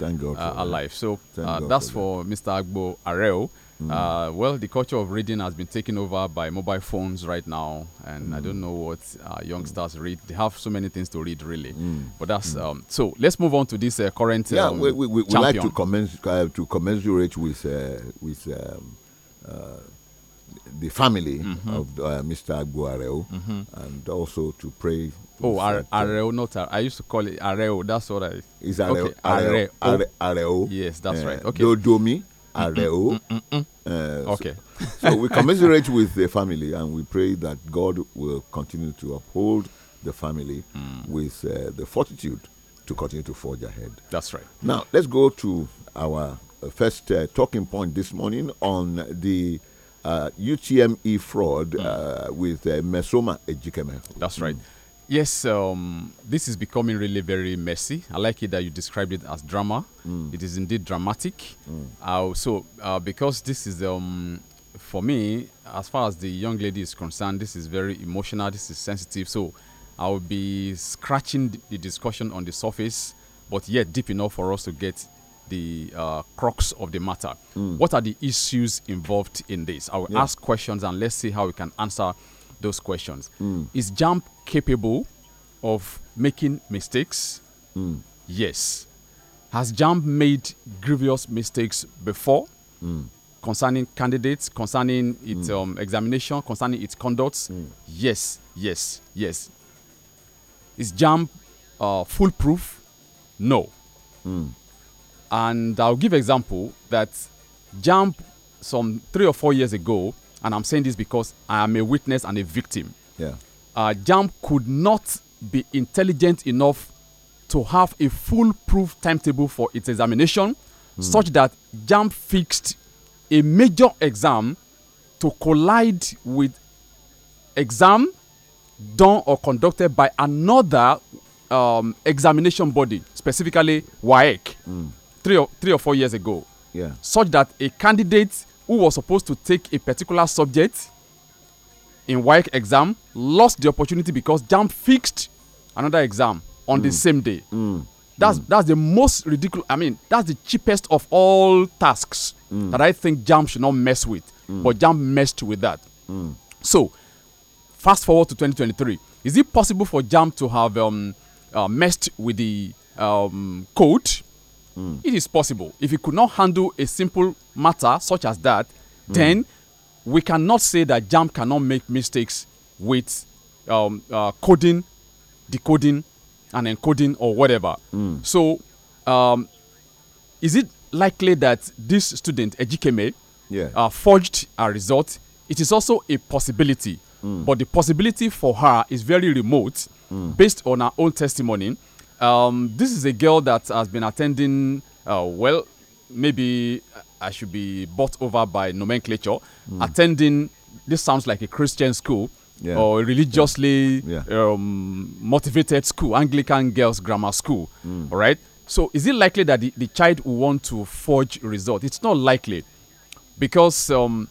Thank God uh, alive. So uh, that's for, for Mr. Agbo Areo. Mm. Uh, well, the culture of reading has been taken over by mobile phones right now, and mm. I hmm. don't know what uh, youngsters mm. read. They have so many things to read, really. Hmm. But that's hmm. um, so. Let's move on to this uh, current. Yeah, um, we, we, we, we like to commence uh, to commensurate with uh, with um, uh, the family -hmm. of Mr. Aguareo, -hmm. and also to pray Oh, Are, Areo, not Areo. I used to call it Areo. That's what I. Is Areo? Okay. Areo. Areo. Areo. Oh. Yes, that's uh, right. Okay. Dodomi. Areo. Mm -mm, mm uh, okay. So, we commiserate with the family and we pray that God will continue to uphold the family mm. with uh, the fortitude to continue to forge ahead. That's right. Now, let's go to our first uh, talking point this morning on the uh, UTME fraud mm. uh, with uh, Mesoma Ejikeme. That's right. Mm. Yes, um, this is becoming really very messy. I like it that you described it as drama. Mm. It is indeed dramatic. Mm. Uh, so, uh, because this is, um, for me, as far as the young lady is concerned, this is very emotional, this is sensitive. So, I'll be scratching the discussion on the surface, but yet deep enough for us to get the uh, crux of the matter. Mm. What are the issues involved in this? I will yeah. ask questions and let's see how we can answer those questions. Mm. Is Jump capable of making mistakes? Mm. Yes. Has Jump made grievous mistakes before mm. concerning candidates, concerning its mm. um, examination, concerning its conduct? Mm. Yes, yes, yes. Is Jump uh, foolproof? No. Mm. And I'll give example that Jump some three or four years ago and I'm saying this because I am a witness and a victim. Yeah. Uh, JAM could not be intelligent enough to have a foolproof timetable for its examination, mm. such that JAM fixed a major exam to collide with exam done or conducted by another um, examination body, specifically WAEC, mm. three or three or four years ago. Yeah. Such that a candidate who was supposed to take a particular subject in WAEC exam lost the opportunity because JAM fixed another exam on mm. the hmm. same day. Mm. That's mm. that's the most ridiculous. I mean, that's the cheapest of all tasks hmm. that I think JAM should not mess with. Hmm. But JAM messed with that. So, fast forward to 2023. Is it possible for JAM to have um, uh, messed with the um, code Mm. It is possible. If he could not handle a simple matter such as that, mm. then we cannot say that JAM cannot make mistakes with um, uh, coding, decoding, and encoding or whatever. Mm. So, um, is it likely that this student, Ejikeme, yeah. uh, forged a result? It is also a possibility, mm. but the possibility for her is very remote mm. based on her own testimony. Um, this is a girl that has been attending, uh, well, maybe I should be bought over by nomenclature, mm. attending, this sounds like a Christian school. Yeah. Or religiously yeah. Yeah. Um, motivated school, Anglican girls' grammar school. Mm. All right. So, is it likely that the, the child will want to forge result? It's not likely, because um,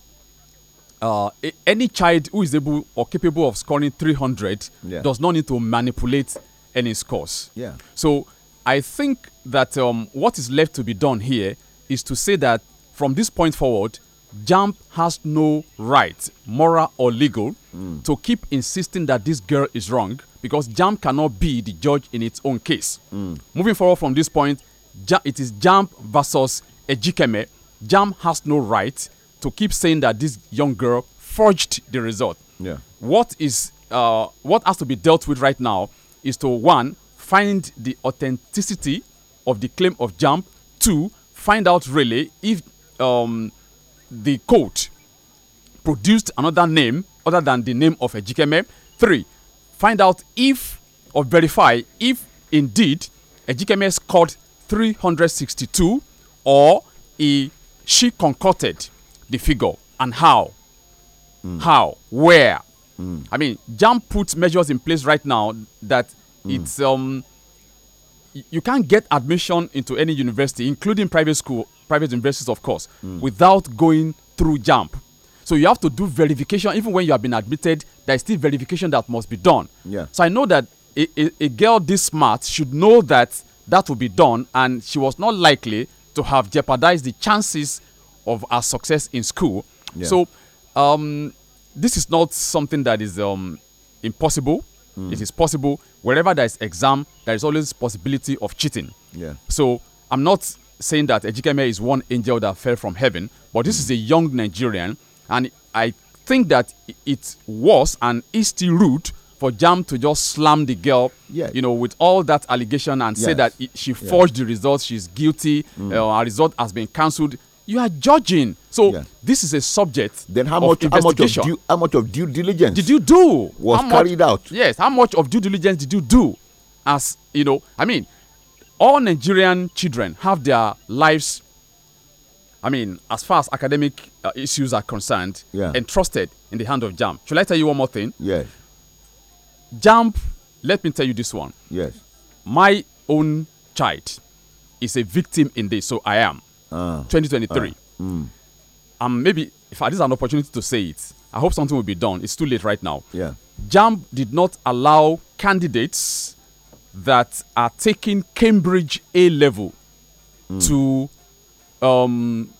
uh, any child who is able or capable of scoring 300 yeah. does not need to manipulate and he scores. Yeah. So I think that um, what is left to be done here is to say that from this point forward, Jump has no right, moral or legal, mm. to keep insisting that this girl is wrong because Jump cannot be the judge in its own case. Mm. Moving forward from this point, it is Jump versus Ejikeme. Jump has no right to keep saying that this young girl forged the result. Yeah. What is uh, what has to be dealt with right now is to one, find the authenticity of the claim of jump, two, find out really if um, the court produced another name other than the name of Ejikeme, three, find out if or verify if indeed Ejikeme scored 362 or he, she concocted the figure and how. Mm. How? Where? Mm. I mean, Jam puts measures in place right now that mm. it's um, you can't get admission into any university, including private school, private universities, of course, mm. without going through JAM. So you have to do verification, even when you have been admitted. There is still verification that must be done. Yeah. So I know that a, a, a girl this smart should know that that will be done, and she was not likely to have jeopardized the chances of her success in school. Yeah. So um, this is not something that is um, impossible. Mm. It is possible. Wherever there is exam, there is always possibility of cheating. Yeah. So I'm not saying that Ejikeme is one angel that fell from heaven, but this mm. is a young Nigerian, and I think that it was an easy route for Jam to just slam the girl, yeah. you know, with all that allegation and yes. say that it, she forged the results, she's guilty, mm. uh, her result has been cancelled you are judging. So yeah. this is a subject. Then how much how much of due, how much of due diligence did you do was much, carried out? Yes, how much of due diligence did you do? As you know, I mean, all Nigerian children have their lives. I mean, as far as academic uh, issues are concerned, yeah. entrusted in the hand of Jam. Shall I tell you one more thing? Yes. Jam, Let me tell you this one. Yes. My own child is a victim in this, so I am uh, 2023. Uh, mm. And maybe if this is an opportunity to say it, I hope something will be done. It's too late right now. Yeah. JAM did not allow candidates that are taking Cambridge A level mm. to um,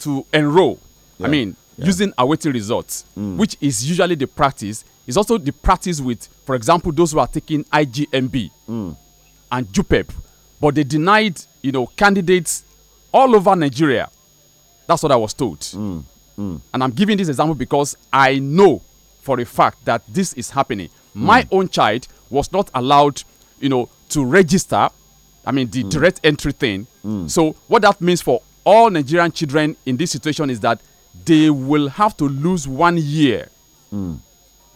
to enroll. Yeah. I mean, yeah. using awaiting results, mm. which is usually the practice. Is also the practice with, for example, those who are taking IGMB mm. and JUPEP, but they denied, you know, candidates all over Nigeria. That's what I was told. Mm, mm. And I'm giving this example because I know for a fact that this is happening. Mm. My own child was not allowed, you know, to register. I mean, the mm. direct entry thing. Mm. So what that means for all Nigerian children in this situation is that they will have to lose one year.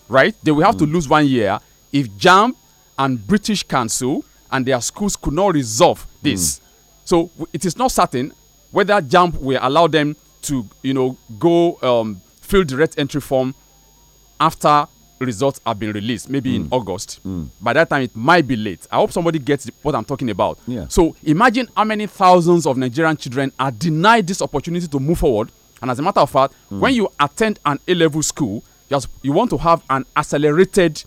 Right? They will have to lose one year if JAMP and British Council and their schools could not resolve this. So it is not certain whether Jump will allow them to, you know, go um, fill direct entry form after results have been released, maybe mm. in August. Mm. By that time, it might be late. I hope somebody gets what I'm talking about. Yeah. So imagine how many thousands of Nigerian children are denied this opportunity to move forward. And as a matter of fact, mm. when you attend an A-level school, you want to have an accelerated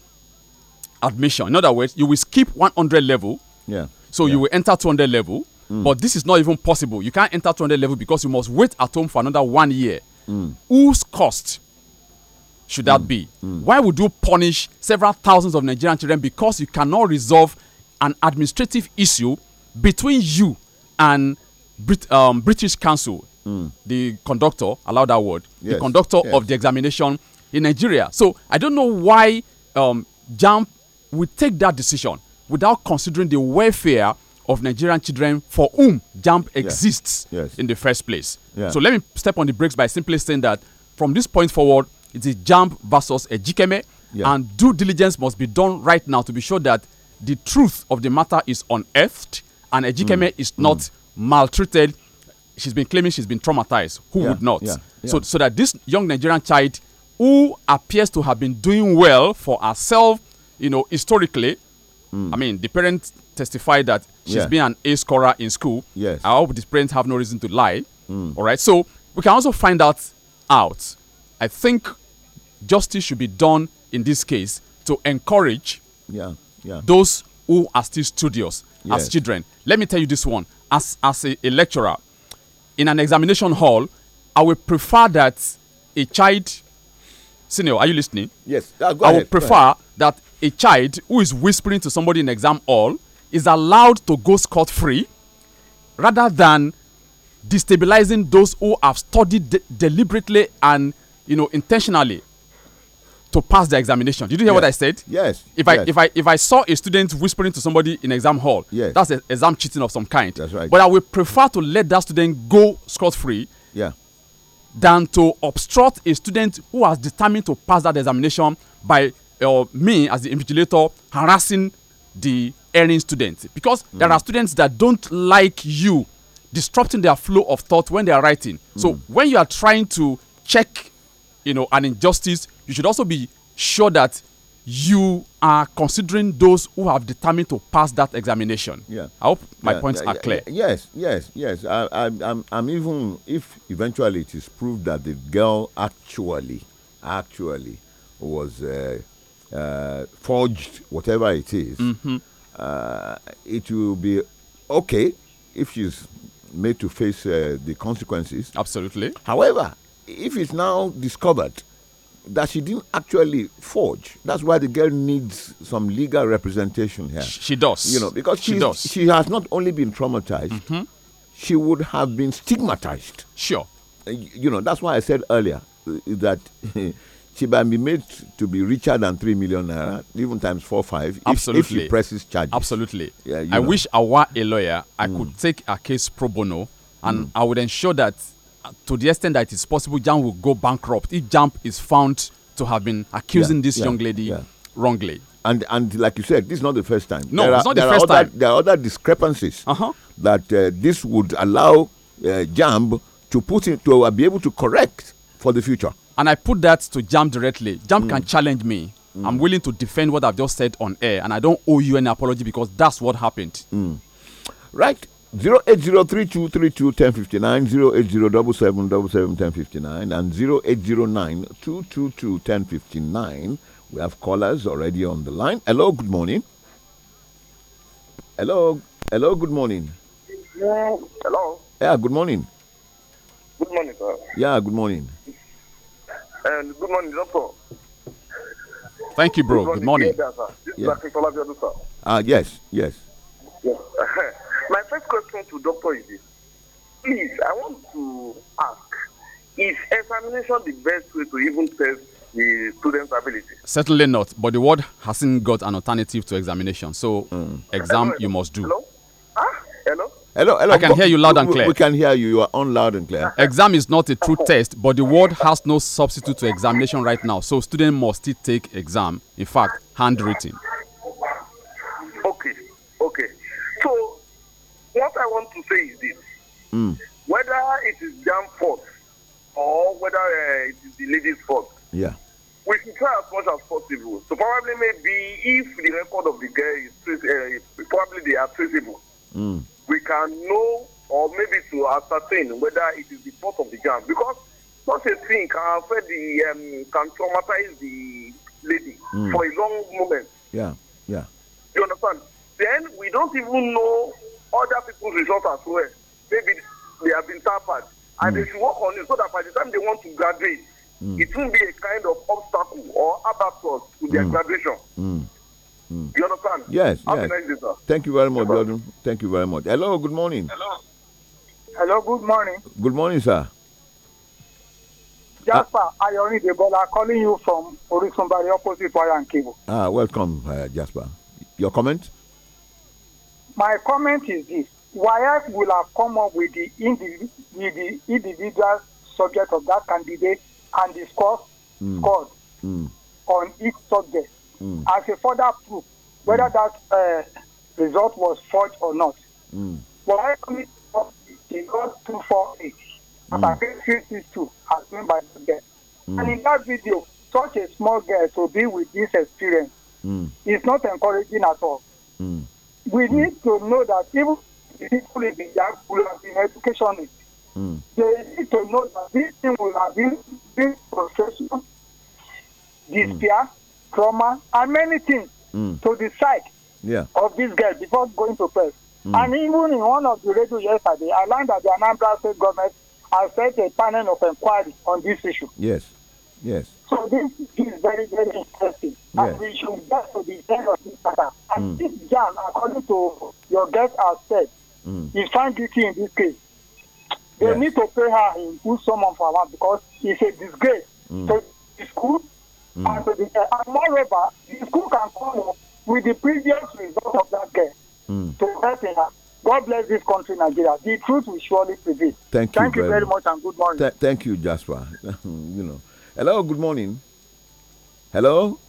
admission. In other words, you will skip 100 level. Yeah. So yeah. you will enter 200 level. Mm. But this is not even possible. You can't enter 200 level because you must wait at home for another one year. Mm. Whose cost should that mm. be? Mm. Why would you punish several thousands of Nigerian children because you cannot resolve an administrative issue between you and Brit um, British Council, mm. the conductor, allow that word, yes, the conductor yes. of the examination in Nigeria. So I don't know why um, JAMP would take that decision without considering the welfare of Nigerian children for whom JAMP exists yes. Yes. in the first place. Yeah. So let me step on the brakes by simply saying that from this point forward, it is JAMP versus Ejikeme, yeah. and due diligence must be done right now to be sure that the truth of the matter is unearthed and Ejikeme mm. is not mm. maltreated. She's been claiming she's been traumatized. Who yeah. would not? So, so that this young Nigerian child who appears to have been doing well for herself, you know, historically, Mm. I mean, the parents testified that she's yeah. been an A scorer in school. Yes. I hope the parents have no reason to lie. Mm. All right. So we can also find out out. I think justice should be done in this case to encourage yeah, yeah. those who are still studious yes. as children. Let me tell you this one. As as a, a lecturer in an examination hall, I would prefer that a child senior, are you listening? Yes. Uh, I would ahead, prefer that a child who is whispering to somebody in exam hall is allowed to go scot free rather than destabilizing those who have studied de deliberately and you know intentionally to pass the examination. Did you hear yes. what I said? Yes. If I if I if I saw a student whispering to somebody in exam hall, yes. that's a, exam cheating of some kind. That's right. But I would prefer to let that student go scot free. Yeah. Than to obstruct a student who has determined to pass that examination by or me as the invigilator harassing the erring students because mm. there are students that don't like you disrupting their flow of thought when they are writing. Mm. So when you are trying to check, you know, an injustice, you should also be sure that you are considering those who have determined to pass that examination. Yeah. I hope my yeah, points yeah, are yeah, clear. Yes, yes, yes. I, I, I'm, I'm even if eventually it is proved that the girl actually, actually was uh, uh, forged, whatever it is, mm-hmm. uh, it will be okay if she's made to face uh, the consequences. Absolutely. However, if it's now discovered that she didn't actually forge, that's why the girl needs some legal representation here. She does. You know, because she does. She has not only been traumatized, mm-hmm. she would have been stigmatized. Sure. Uh, you know, that's why I said earlier uh, that she might be made to be richer than three million naira, even times four five. Absolutely. If, if she presses charges. Absolutely. Yeah, I know. wish I were a lawyer. I mm. could take a case pro bono, mm. and mm. I would ensure that, uh, to the extent that it's possible, Jam will go bankrupt if Jam is found to have been accusing yeah, this yeah, young lady wrongly. And and like you said, this is not the first time. No, there it's are, not the first other, time. There are other discrepancies uh -huh. that uh, this would allow uh, Jamb to put in, to be able to correct for the future. And I put that to Jam directly. Jam mm. can challenge me. Mm. I'm willing to defend what I've just said on air, and I don't owe you any apology because that's what happened. Mm. Right. 08032321059, and 0809 We have callers already on the line. Hello, good morning. Hello, hello, good morning. Hello. Yeah, good morning. Good morning, sir. Yeah, good morning. And eh, good morning, Doctor. Thank you, bro. Good morning. Good morning. Yes. Yeah. Uh, yes, yes. My first question to Doctor is this. Please, I want to ask is examination the best way to even test the student's ability? Certainly not, but the word hasn't got an alternative to examination. So, mm. exam you must do. Hello? Hello, hello. I can hear you loud and clear. We, can hear you. You are on loud and clear. Exam is not a true test, but the word has no substitute to examination right now. So student must still take exam. In fact, handwritten. Okay, okay. So what I want to say is this: mm. whether it is done fault or whether uh, it is the lady's fault. Yeah. We should try as much as possible. So probably maybe if the record of the girl is, uh, probably they are traceable. Mm. we can know or maybe to ascertain whether it is the fault of the jam because such a thing can affect the um, can traumatize the lady mm. for a long moment. Yeah, yeah. You understand? Then we don't even know other people's results as well. Maybe they have been tampered, and hmm. they should work on it so that by the time they want to graduate, mm. it won't be a kind of obstacle or abatus to their hmm. graduation. Hmm. Mm. You understand? Yes. yes. Nice Thank you very much, yes, Thank you very much. Hello, good morning. Hello. Hello, good morning. Good morning, sir. Jasper uh, Ayorinde Bola calling you from Orisunbari opposite Wire and Cable. Ah, welcome, uh, Jasper. Your comment? My comment is this. I will have come up with the, indiv the individual subject of that candidate and discuss mm. scored mm. on each subject mm. as a further proof whether mm. that uh, result was forged or not. Mm. But I commit the God 248 and against as meant by the girl. And in that video, such a small girl to be with this experience mm. is not encouraging at all. Mm. We mm. need to know that even people in the young who have been educated, mm. they need to know that this thing will have been this profession, despair, mm trauma, and many things mm. to the side yeah. of this girl before going to press. Mm. And even in one of the radio yesterday, I learned that the Anambra state government has set a panel of inquiry on this issue. Yes, yes. So this is very, very interesting. Yes. And we should get to the end of this matter. And mm. this jam, according to your guest has said, mm. is found guilty in this case. They yes. need to pay her in full sum of her because it's a disgrace mm. to the school, mm. and, the, uh, and moreover, the school can come up with the previous result of that game mm. to help in her. God bless this country, Nigeria. The truth will surely prevail. Thank, thank you, you very, much and good morning. Th thank you, Jasper. you know. Hello, good morning. Hello.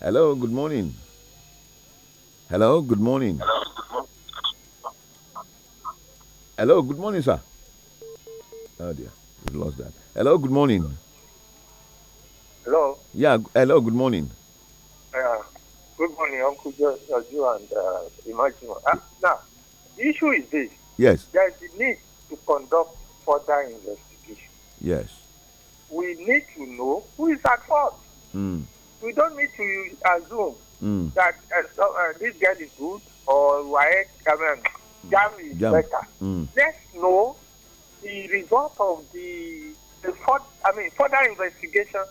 Hello, good morning. Hello, good morning. Hello, good morning, sir. Oh dear, we lost that. Hello, good morning. Hello? Yeah, hello, good morning. Uh, good morning, Uncle Joe, uh, Joe and uh, Imagine. Uh, now, the issue is this. Yes. There is a need to conduct further investigation. Yes. We need to know who is at fault. Mm. We don't need to assume mm. that uh, uh, this girl is good or why I mean, Jam is Jam. better. Mm. Let's know the result of the, the for, I mean, further investigation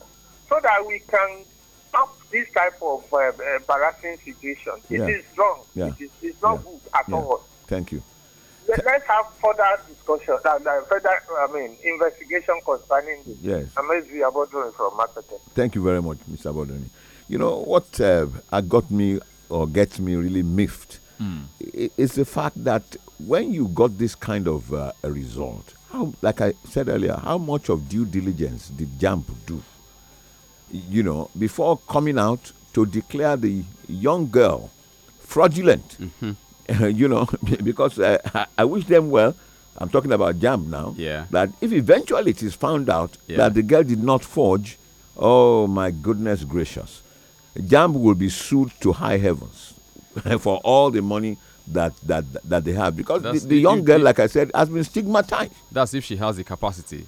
so that we can stop this type of uh, embarrassing situation. It yeah. is wrong. Yeah. It is it's not yeah. good at all. Thank you. Let, us have further discussion, uh, uh, further, I mean, investigation concerning this. Yes. Amazi Abodoni from Marketing. Thank you very much, Mr. Abodoni. You know, what uh, uh, got me or gets me really miffed mm. is the fact that when you got this kind of uh, result, how, like I said earlier, how much of due diligence did JAMP do? you know, before coming out to declare the young girl fraudulent. Mm -hmm. you know, because uh, I, I, wish them well. I'm talking about Jam now. Yeah. That if eventually it is found out yeah. that the girl did not forge, oh my goodness gracious, Jam will be sued to high heavens for all the money that that that they have because the, the, young girl, like I said, has been stigmatized. That's if she has the capacity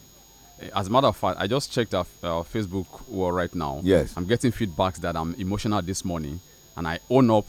as a matter of fact, I just checked our Facebook wall right now. Yes. I'm getting feedbacks that I'm emotional this morning, and I own up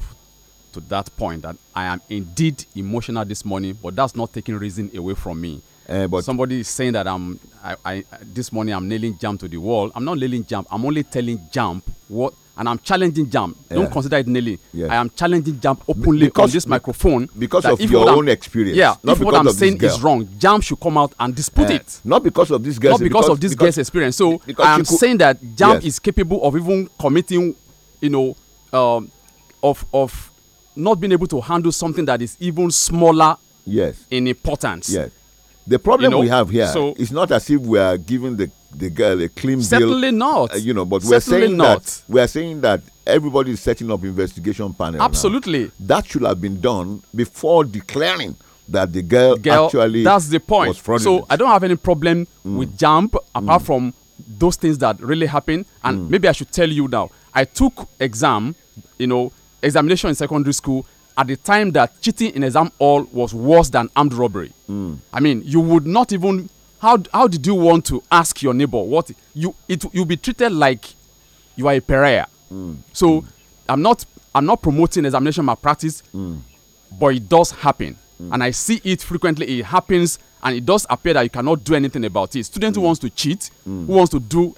to that point that I am indeed emotional this morning, but that's not taking reason away from me. Uh, but somebody is saying that I'm I, I, this morning I'm nailing jump to the wall. I'm not nailing jump. I'm only telling jump what and I'm challenging Jam. Yeah. Don't consider it Nelly. Yeah. I am challenging Jam openly because, on this microphone. Because of your own experience. Yeah, not if what I'm saying is wrong, Jam should come out and dispute yeah. it. Not because of this girl. Not because, because of this guy's girl's experience. So I am saying that Jam yes. is capable of even committing, you know, um, of of not being able to handle something that is even smaller. Yes. In importance. Yes the problem you know, we have here so, is not as if we are giving the the girl a clean certainly bill. not. Uh, you know, but we're saying not. that we are saying that everybody is setting up investigation panel. Absolutely, now. that should have been done before declaring that the girl, girl actually that's the point. So I don't have any problem mm. with jump apart mm. from those things that really happen. And mm. maybe I should tell you now. I took exam, you know, examination in secondary school at the time that cheating in exam hall was worse than armed robbery. Mm. I mean, you would not even how how did you want to ask your neighbor what you it you'll be treated like you are a pariah. Mm. So mm. I'm not I'm not promoting examination malpractice, mm. but it does happen, hmm. and I see it frequently. It happens. And it does appear that you cannot do anything about it. Student who hmm. wants to cheat, who hmm. wants to do,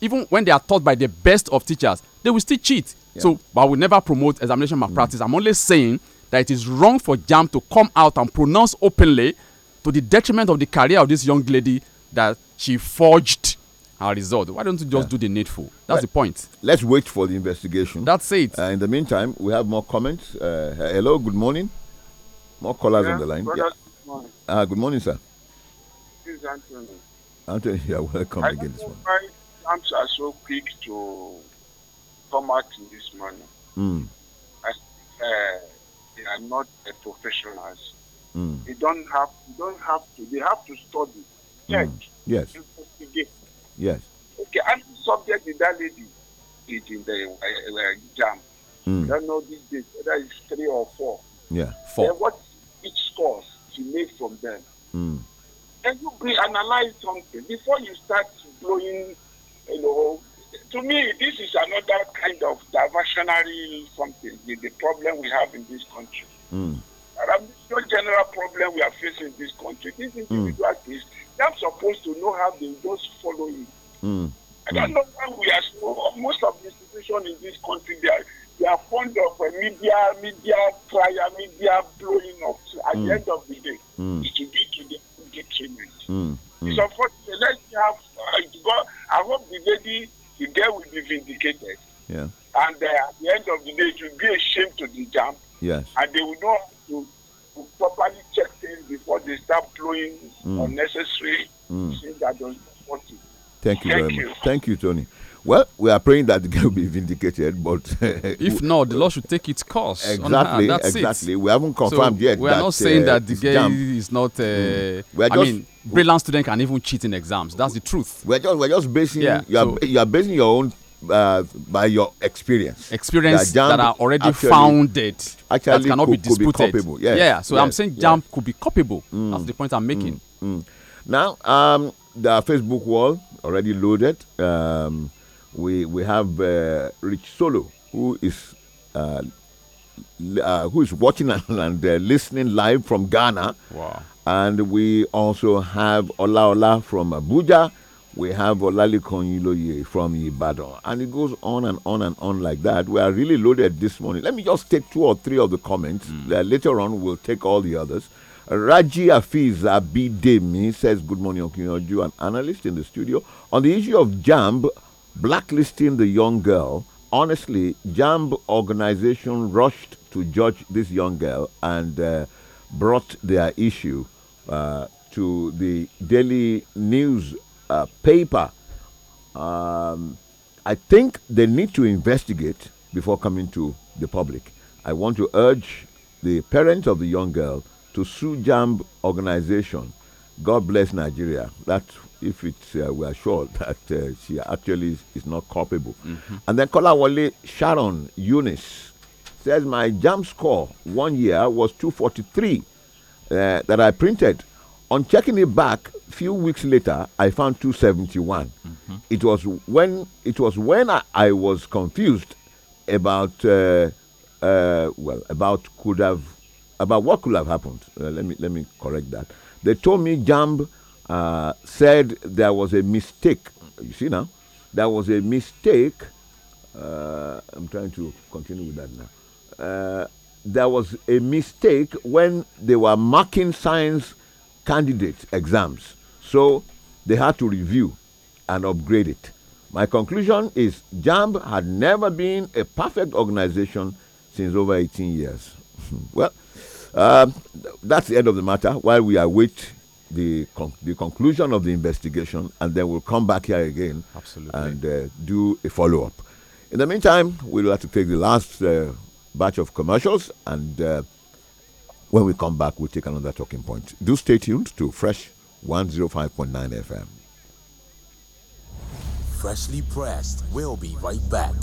even when they are taught by the best of teachers, they will still cheat so, but I will never promote examination malpractice. Mm. I'm only saying that it is wrong for JAM to come out and pronounce openly to the detriment of the career of this young lady that she forged her result. Why don't you just yeah. do the needful? That's the point. Let's wait for the investigation. That's it. Uh, in the meantime, we have more comments. Uh, hello, good morning. More callers yeah, on the line. Well, yeah. Good morning. Uh, good morning, sir. This is Anthony. Anthony, you welcome I again this morning. Why jams are so quick to stomach in this money. Mm. think uh, eh, they are not uh, professionals. Mm. They don't have. They don't have to. They have to study, check, mm. yes, investigate. Yes. Okay, i the subject that lady is in the uh, jam. Mm. I don't know these days whether it's three or four. Yeah, four. Then what each scores she made from them. Mm. And you analyze something before you start blowing, you know, to me, this is another kind of diversionary something the problem we have in this country. Mm. There general problem we are facing in this country. These hmm. individuals, mm. they're supposed to know how they just follow it. Mm. I don't hmm. know why we are most of the institutions in this country, they are, they are fond of uh, media, media trial, media blowing up. At the hmm. end of the day, mm. it should be to the detriment. It's unfortunate vindicated. indicated. Yeah. And uh, at the end of the day, it will be a shame to the jam. Yes. And they will not to, to properly check things before they start blowing mm. unnecessary mm. things that don't Thank you Thank very you. much. Thank you, Tony. Well, we are praying that the game will be vindicated, but if not, the law should take its course. Exactly, exactly. It. We haven't confirmed so yet. We are that, not saying uh, that the game is not. Uh, mm. we are I just, mean, brilliant student can even cheat in exams. That's the truth. We're just we're just basing. Yeah, you are so, you are basing your own uh, by your experience. Experience that, that are already actually, founded actually that cannot could, be disputed. Be Yes. Yeah, so yes. I'm saying jump yes. could be culpable. Mm. That's the point I'm making. Mm. Mm. Now, um, the Facebook wall already loaded. Um, we we have uh, Rich Solo who is uh, uh, who is watching and, and uh, listening live from Ghana. Wow. And we also have Ola Ola from Abuja. We have Olalikon Yiloye from Ibadan. And it goes on and on and on like that. We are really loaded this morning. Let me just take two or three of the comments. Mm. later on, we'll take all the others. Raji Afiz Abidemi says, Good morning, Okunyoju, an analyst in the studio. On the issue of JAMB blacklisting the young girl, honestly, JAMB organization rushed to judge this young girl and uh, brought their issue uh, to the Daily News uh, paper. Um, I think they need to investigate before coming to the public. I want to urge the parents of the young girl to Sujamb organization. God bless Nigeria. That if it uh, we are sure that uh, she actually is, is not culpable. Mm -hmm. And then Kolawole Sharon Eunice says my jam score one year was 243 uh, that I printed. On checking it back, few weeks later, I found 271. Mm -hmm. It was when it was when I, I was confused about uh, uh, well about could have about what could have happened. Uh, let me let me correct that. They told me Jamb uh, said there was a mistake. You see now, there was a mistake. Uh, I'm trying to continue with that now. Uh, there was a mistake when they were marking science candidate exams. So they had to review and upgrade it. My conclusion is JAMB had never been a perfect organization since over 18 years. well, uh, that's the end of the matter while we await the, con the conclusion of the investigation and then we'll come back here again Absolutely. and uh, do a follow up. In the meantime, we'll have to take the last uh, batch of commercials and uh, when we come back, we'll take another talking point. Do stay tuned to Fresh 105.9 FM. Freshly pressed. We'll be right back.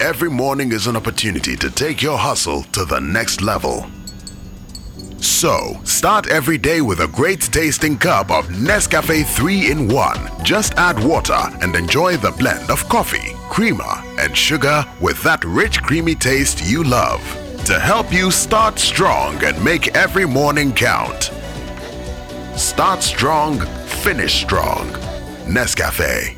Every morning is an opportunity to take your hustle to the next level. So, start every day with a great tasting cup of Nescafe 3 in 1. Just add water and enjoy the blend of coffee, creamer, and sugar with that rich, creamy taste you love. To help you start strong and make every morning count, Start strong, finish strong. Nescafe.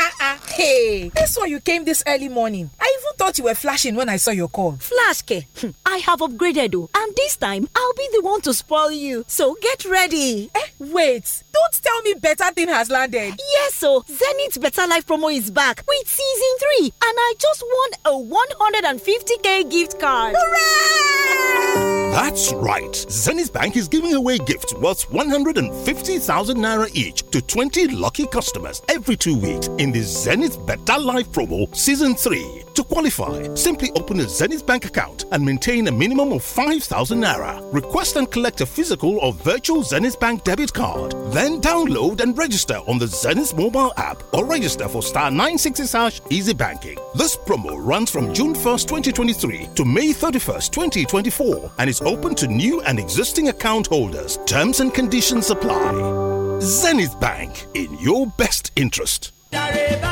Ah, ah, hey, this one you came this early morning. I even thought you were flashing when I saw your call. Flash, K. Hm, I have upgraded, and this time I'll be the one to spoil you. So get ready. Eh, wait. Don't tell me better thing has landed. Yes, so Zenith Better Life promo is back with season 3 and I just won a 150k gift card. Hooray! That's right. Zenith Bank is giving away gifts worth 150,000 naira each to 20 lucky customers every 2 weeks in the Zenith Better Life promo season 3. To qualify, simply open a Zenith Bank account and maintain a minimum of 5,000 naira. Request and collect a physical or virtual Zenith Bank debit card. Then then download and register on the Zenith mobile app or register for star 960 hash easy banking. This promo runs from June 1st, 2023 to May 31st, 2024 and is open to new and existing account holders. Terms and conditions apply. Zenith Bank in your best interest. Pastor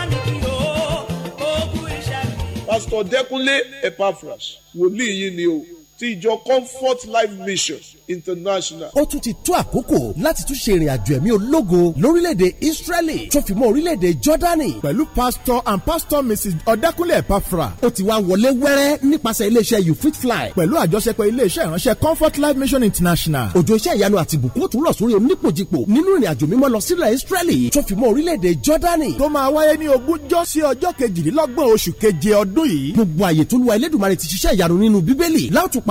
Dekunle Epaphras, ti ìjọ comfort life mission international. ó tún ti tó àkókò láti tún ṣe ìrìn àjò ẹ̀mí ológo lórílẹ̀‐èdè israeli tó fi mọ́ orílẹ̀‐èdè jordani. pẹ̀lú pastor and pastor mrs ọ̀dẹ́kúnlé epafra ó ti wá wọlé wẹ́rẹ́ nípasẹ̀ iléeṣẹ́ you fit fly pẹ̀lú àjọṣepọ̀ iléeṣẹ́ ìránṣẹ́ comfort life mission international. òjò iṣẹ́ ìyanu àti ìbùkún tún rọ̀ sórí onípòjìpò nínú ìrìn mímọ́ lọ sílẹ̀ israeli tó fi mọ́ orílẹ̀‐èdè jordani. tó máa wáyé ní ogúnjọ́ sí ọjọ́ kejìlélọ́gbọ̀n oṣù keje ọdún yìí. gbogbo àyè tó lu ẹlẹ́dùnmarè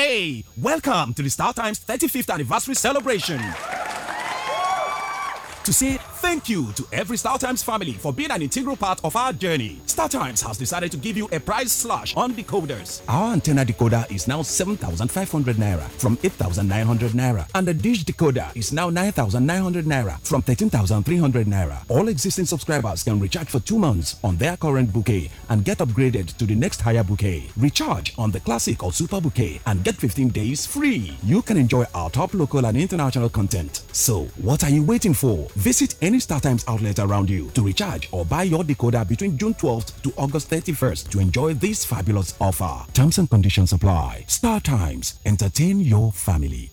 Hey, welcome to the StarTimes 35th anniversary celebration. To see Thank you to every StarTimes family for being an integral part of our journey. StarTimes has decided to give you a price slash on decoders. Our antenna decoder is now 7,500 naira from 8,900 naira, and the dish decoder is now 9,900 naira from 13,300 naira. All existing subscribers can recharge for two months on their current bouquet and get upgraded to the next higher bouquet. Recharge on the classic or super bouquet and get 15 days free. You can enjoy our top local and international content. So, what are you waiting for? Visit any any StarTimes outlet around you to recharge or buy your decoder between June 12th to August 31st to enjoy this fabulous offer. Terms and conditions apply. StarTimes, entertain your family.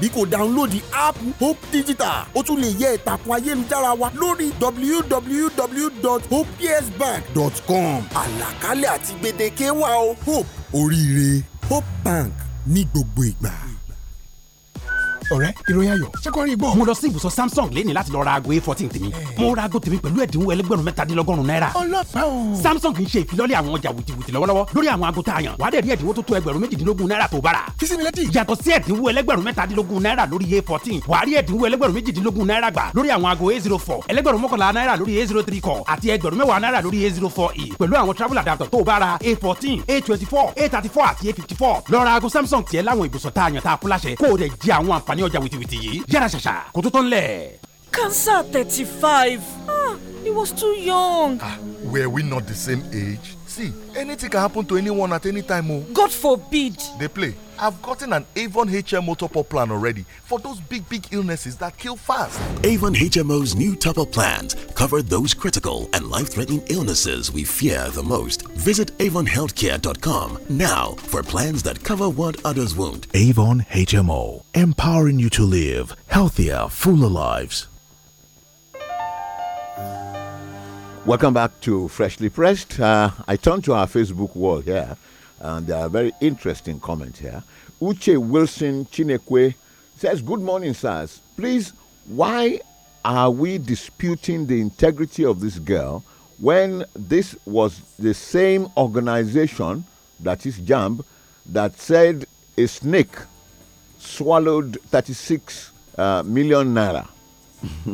tàbí kó download app hope digital ó tún lè yẹ ìtàkùn ayélujára wa lórí www.hopesbank.com àlàkalẹ̀ àti gbèdéke wa o hope oríire hope bank ní gbogbo ìgbà ọ̀rẹ́ ìròyìn ayọ̀ ṣé kò rí gbọ́. mo lọ sí ibùsọ samsung lẹ́ni láti lọ ra aago a14 tèmi eh. mo ra aago tèmi pẹ̀lú ẹ̀dínwó ẹlẹ́gbẹ̀rún mẹ́tàdínlọ́gọ́rùn-ún náírà. ọlọ́pàá o. samsung ń ṣe ìfilọ́lẹ̀ àwọn ọjà wìtìwìtì lọ́wọ́lọ́wọ́ lórí àwọn aago tá a yàn wàá dẹ̀ rí ẹ̀dínwó tó tó ẹgbẹ̀rún méjìdínlógún náírà tó bára. fisimilẹ́tì. yàtọ̀ sí ẹ̀dínwó ẹlẹ́gbẹ̀rún mẹ́tàdínlógún náírà lórí a14 wàá rí ẹ̀dínwó ẹlẹ́gbẹ̀rún méjìdínlógún náírà gbà lórí àwọn aago a04 ẹlẹ́gbẹ̀rún mọ́kànlá náírà lórí a03 kọ̀ àti ẹgbẹ̀rún mẹ́wàá náírà lórí a04e pẹ̀lú àwọn travel adapter tó bára a14 a24 a34 a54 lọ ra aago samsung tiẹ̀ láwọn ibùsọ̀ tá a yàn tá a kú láṣẹ kó o dẹ̀ ní ọjà wìtìwìtì yìí yára ṣàṣà kó tó tán lẹ̀. cancer thirty five ah he was too young. ah were we not the same age? see anything can happen to anyone at any time o. Oh. God forbid. dey play I've gotten an Avon HMO top up plan already for those big, big illnesses that kill fast. Avon HMO's new top up plans cover those critical and life threatening illnesses we fear the most. Visit avonhealthcare.com now for plans that cover what others won't. Avon HMO, empowering you to live healthier, fuller lives. Welcome back to Freshly Pressed. Uh, I turn to our Facebook wall here. Yeah and there are very interesting comments here. Uche Wilson Chinekwe says, Good morning, sirs. Please, why are we disputing the integrity of this girl when this was the same organization, that is JAMB, that said a snake swallowed 36 uh, million naira?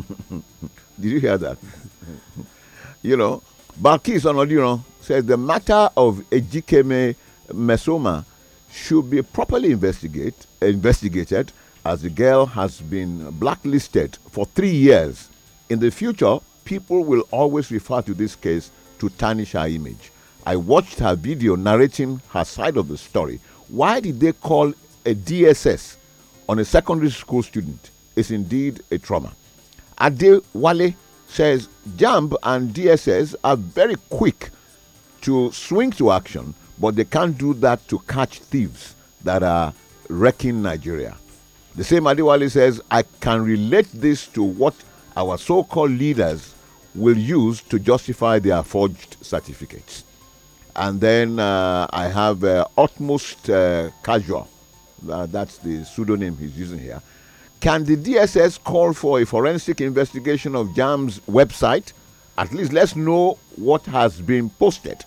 Did you hear that? you know, Balkis Onodiron says the matter of Ejikeme Mesoma should be properly investigate, investigated as the girl has been blacklisted for three years. In the future, people will always refer to this case to tarnish her image. I watched her video narrating her side of the story. Why did they call a DSS on a secondary school student? Is indeed a trauma. Ade Wale says JAMB and DSS are very quick to swing to action but they can't do that to catch thieves that are wrecking Nigeria. The same Adiwali says, I can relate this to what our so called leaders will use to justify their forged certificates. And then uh, I have uh, utmost uh, casual, uh, that's the pseudonym he's using here. Can the DSS call for a forensic investigation of JAM's website? At least let's know what has been posted.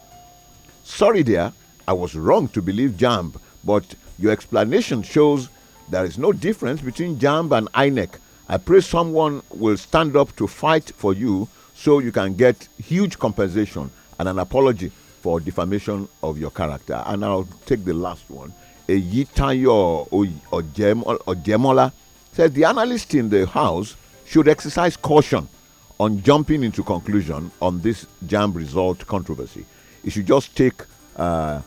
Sorry, dear, I was wrong to believe JAMB, but your explanation shows there is no difference between JAMB and INEC. I pray someone will stand up to fight for you so you can get huge compensation and an apology for defamation of your character. And I'll take the last one. Yitayo Ojemola says the analyst in the House should exercise caution on jumping into conclusion on this JAMB result controversy. It should just take uh,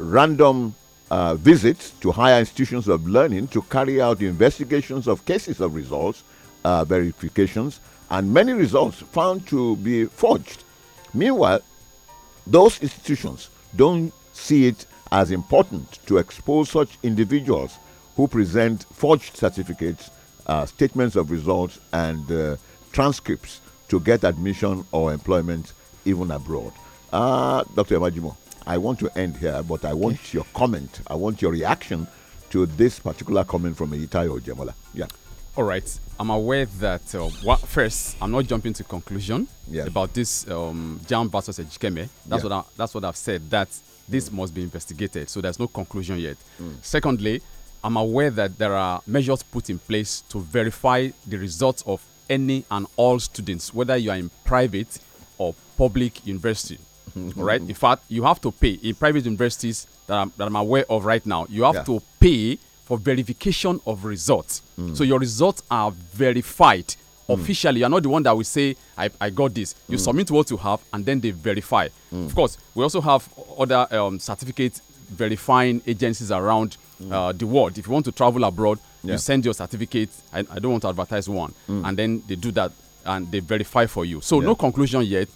random uh, visits to higher institutions of learning to carry out investigations of cases of results, uh, verifications, and many results found to be forged. Meanwhile, those institutions don't see it as important to expose such individuals who present forged certificates, uh, statements of results, and uh, transcripts to get admission or employment even abroad. Uh, Dr. Emajimo. I want to end here, but I want okay. your comment. I want your reaction to this particular comment from Itayo Jemola. Yeah. All right. I'm aware that uh, what, first I'm not jumping to conclusion about this um, Jam versus Ejikeme. That's yeah. what I, that's what I've said. That this mm. must be investigated. So there's no conclusion yet. Mm. Secondly, I'm aware that there are measures put in place to verify the results of any and all students, whether you are in private or public university hmm right? In fact, you have to pay in private universities that I'm, that I'm aware of right now. You have yeah. to pay for verification of results. Mm. So your results are verified mm. officially. Mm. You're not the one that will say, I, I got this. You mm. submit what you have and then they verify. Mm. Of course, we also have other um, certificate verifying agencies around mm. uh, the world. If you want to travel abroad, yeah. you send your certificate. I, I don't want to advertise one. And then they do that and they verify for you. So yeah. no conclusion yet.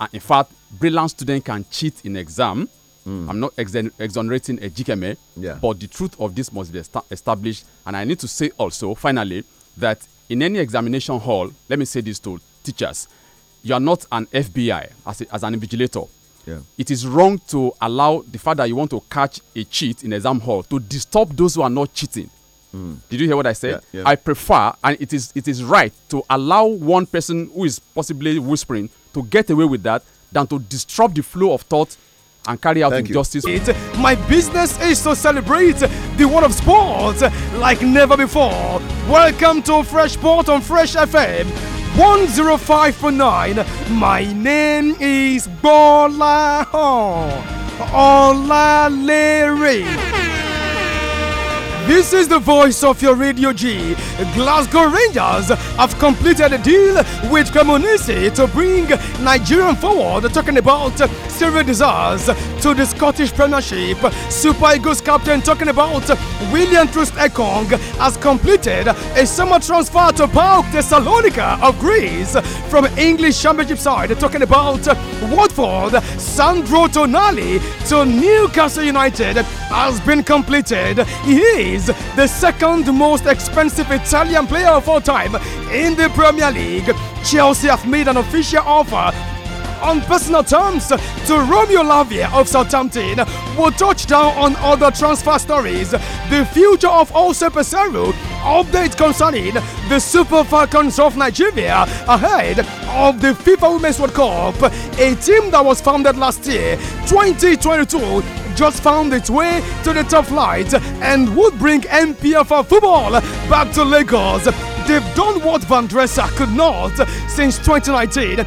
And in fact, brilliant student can cheat in exam. Mm. I'm not exonerating a GKMA, yeah. but the truth of this must be established. And I need to say also, finally, that in any examination hall, let me say this to teachers you are not an FBI as, a, as an invigilator. Yeah. It is wrong to allow the fact that you want to catch a cheat in exam hall to disturb those who are not cheating. Mm. Did you hear what I said? Yeah, yeah. I prefer, and it is it is right to allow one person who is possibly whispering to get away with that than to disrupt the flow of thought and carry out Thank injustice. You. Uh, my business is to celebrate the world of sports uh, like never before. Welcome to Fresh Sport on Fresh FM 105.9. My name is Bola Hon Olalere. This is the voice of your Radio G. Glasgow Rangers have completed a deal with Cremonese to bring Nigerian forward, talking about Cyril Desires, to the Scottish Premiership. Super Eagles captain, talking about William Trust Ekong, has completed a summer transfer to PAOK Thessalonica of Greece from English Championship side, talking about Watford, Sandro Tonali to Newcastle United has been completed. He is the second most expensive Italian player of all time in the Premier League. Chelsea have made an official offer on personal terms to Romeo Lavia of Southampton. We'll touch down on other transfer stories. The future of Ose Peseru. Update concerning the Super Falcons of Nigeria ahead of the FIFA Women's World Cup, a team that was founded last year, 2022 just found its way to the top flight and would bring MPFR football back to Lagos. They've done what Van Dreser could not since 2019.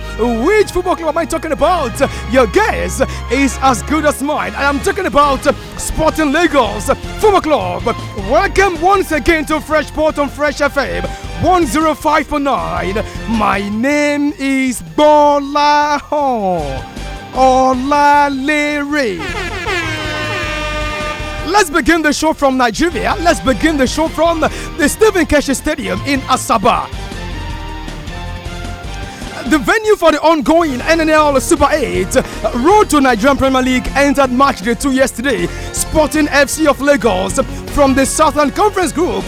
Which football club am I talking about? Your guess is as good as mine. I am talking about Sporting Lagos Football Club. Welcome once again to Fresh Port on Fresh FM 105.9. My name is Bola Ho. Olalere. Let's begin the show from Nigeria. Let's begin the show from the Stephen Keshe Stadium in Asaba. The venue for the ongoing NNL Super 8 Road to Nigerian Premier League entered match day 2 yesterday, Sporting FC of Lagos from the Southern Conference Group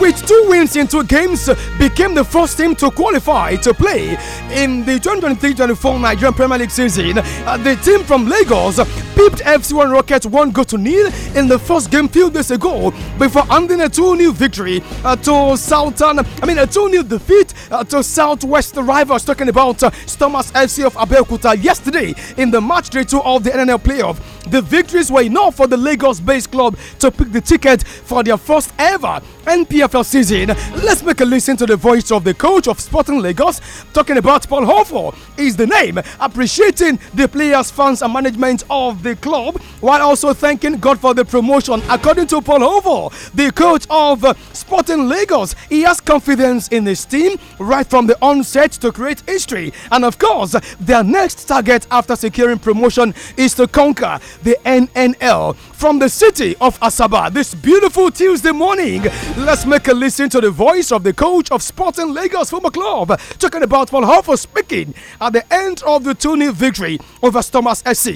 with two wins in two games, became the first team to qualify to play in the 2023-24 Nigerian Premier League season. Uh, the team from Lagos pipped FC1 Rocket one goal to nil in the first game few days ago before handing a 2-0 victory uh, to Southern, I mean a 2-0 defeat uh, to Southwest rivals talking about uh, Thomas FC of Abeokuta yesterday in the match day 2 of the NNL playoff. The victories were enough for the Lagos based club to pick the ticket for their first ever NPFL season. Let's make a listen to the voice of the coach of Sporting Lagos talking about Paul Hoffo is the name, appreciating the players, fans, and management of the club while also thanking God for the promotion. According to Paul Hoffo, the coach of Sporting Lagos, he has confidence in his team right from the onset to create history. And of course, their next target after securing promotion is to conquer the NNL from the city of Asaba this beautiful Tuesday morning. Let's make a listen to the voice of the coach of Sporting Lagos Football Club talking about Paul Hoffa speaking at the end of the 2 0 victory over Thomas SC.